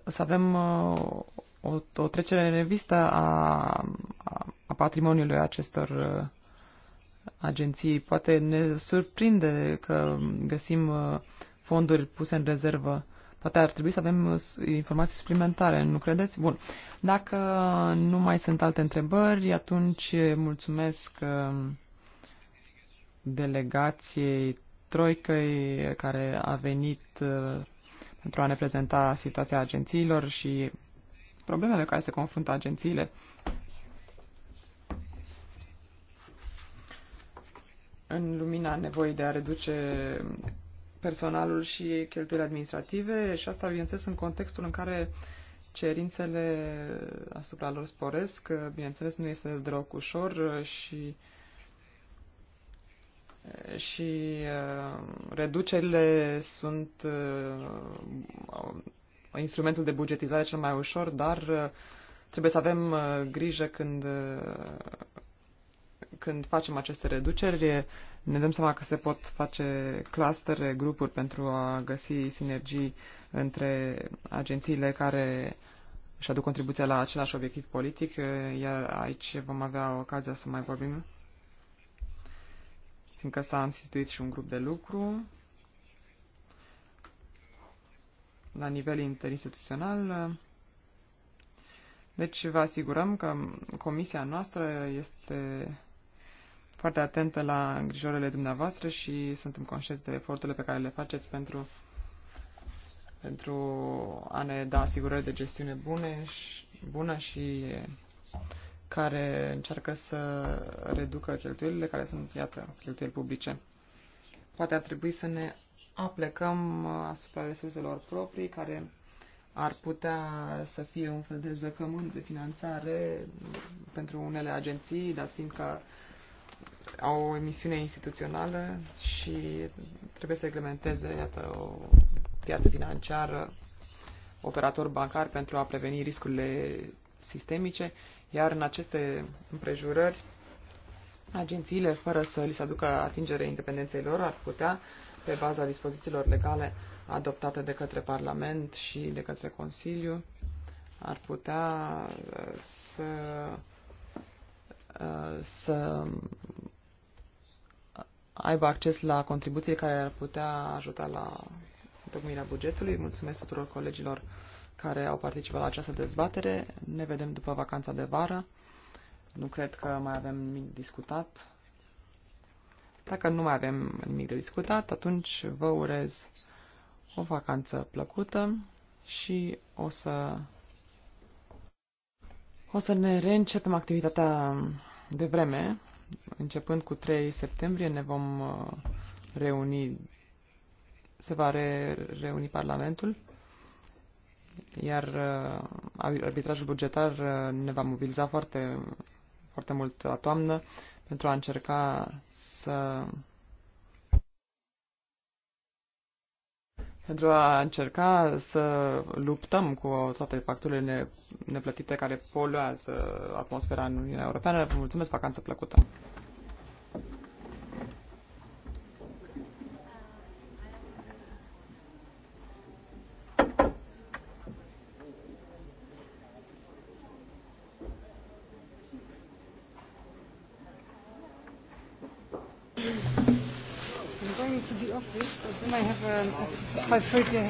Speaker 2: să avem o, o trecere în revistă a, a patrimoniului acestor uh, agenții. Poate ne surprinde că găsim uh, fonduri puse în rezervă. Poate ar trebui să avem uh, informații suplimentare, nu credeți? Bun. Dacă nu mai sunt alte întrebări, atunci mulțumesc delegației Troicăi care a venit uh, pentru a ne prezenta situația agențiilor și problemele care se confruntă agențiile. În lumina nevoii de a reduce personalul și cheltuielile administrative și asta, bineînțeles, în contextul în care cerințele asupra lor sporesc, bineînțeles, nu este deloc ușor și uh, și uh, reducerile sunt uh, instrumentul de bugetizare cel mai ușor, dar uh, trebuie să avem grijă când, când facem aceste reduceri. Ne dăm seama că se pot face clustere, grupuri pentru a găsi sinergii între agențiile care își aduc contribuția la același obiectiv politic, iar aici vom avea ocazia să mai vorbim fiindcă s-a instituit și un grup de lucru la nivel interinstituțional. Deci vă asigurăm că comisia noastră este foarte atentă la îngrijorările dumneavoastră și suntem conștienți de eforturile pe care le faceți pentru, pentru a ne da asigurări de gestiune bune și, bună și care încearcă să reducă cheltuielile, care sunt, iată, cheltuieli publice. Poate ar trebui să ne aplecăm uh, asupra resurselor proprii, care ar putea să fie un fel de zăcământ de finanțare pentru unele agenții, dar fiindcă au o emisiune instituțională și trebuie să reglementeze, iată, o piață financiară, operator bancar pentru a preveni riscurile sistemice iar în aceste împrejurări, agențiile, fără să li se aducă atingere independenței lor, ar putea, pe baza dispozițiilor legale adoptate de către Parlament și de către Consiliu, ar putea uh, să, uh, să aibă acces la contribuții care ar putea ajuta la întocmirea bugetului. Mulțumesc tuturor colegilor care au participat la această dezbatere. Ne vedem după vacanța de vară. Nu cred că mai avem nimic discutat. Dacă nu mai avem nimic de discutat, atunci vă urez o vacanță plăcută și o să, o să ne reîncepem activitatea de vreme. Începând cu 3 septembrie ne vom uh, reuni, se va re, reuni Parlamentul iar uh, arbitrajul bugetar uh, ne va mobiliza foarte, foarte mult la toamnă pentru a încerca să pentru a încerca să luptăm cu toate facturile neplătite care poluează atmosfera în Uniunea Europeană. Vă mulțumesc, vacanță plăcută!
Speaker 1: Frau Vögel.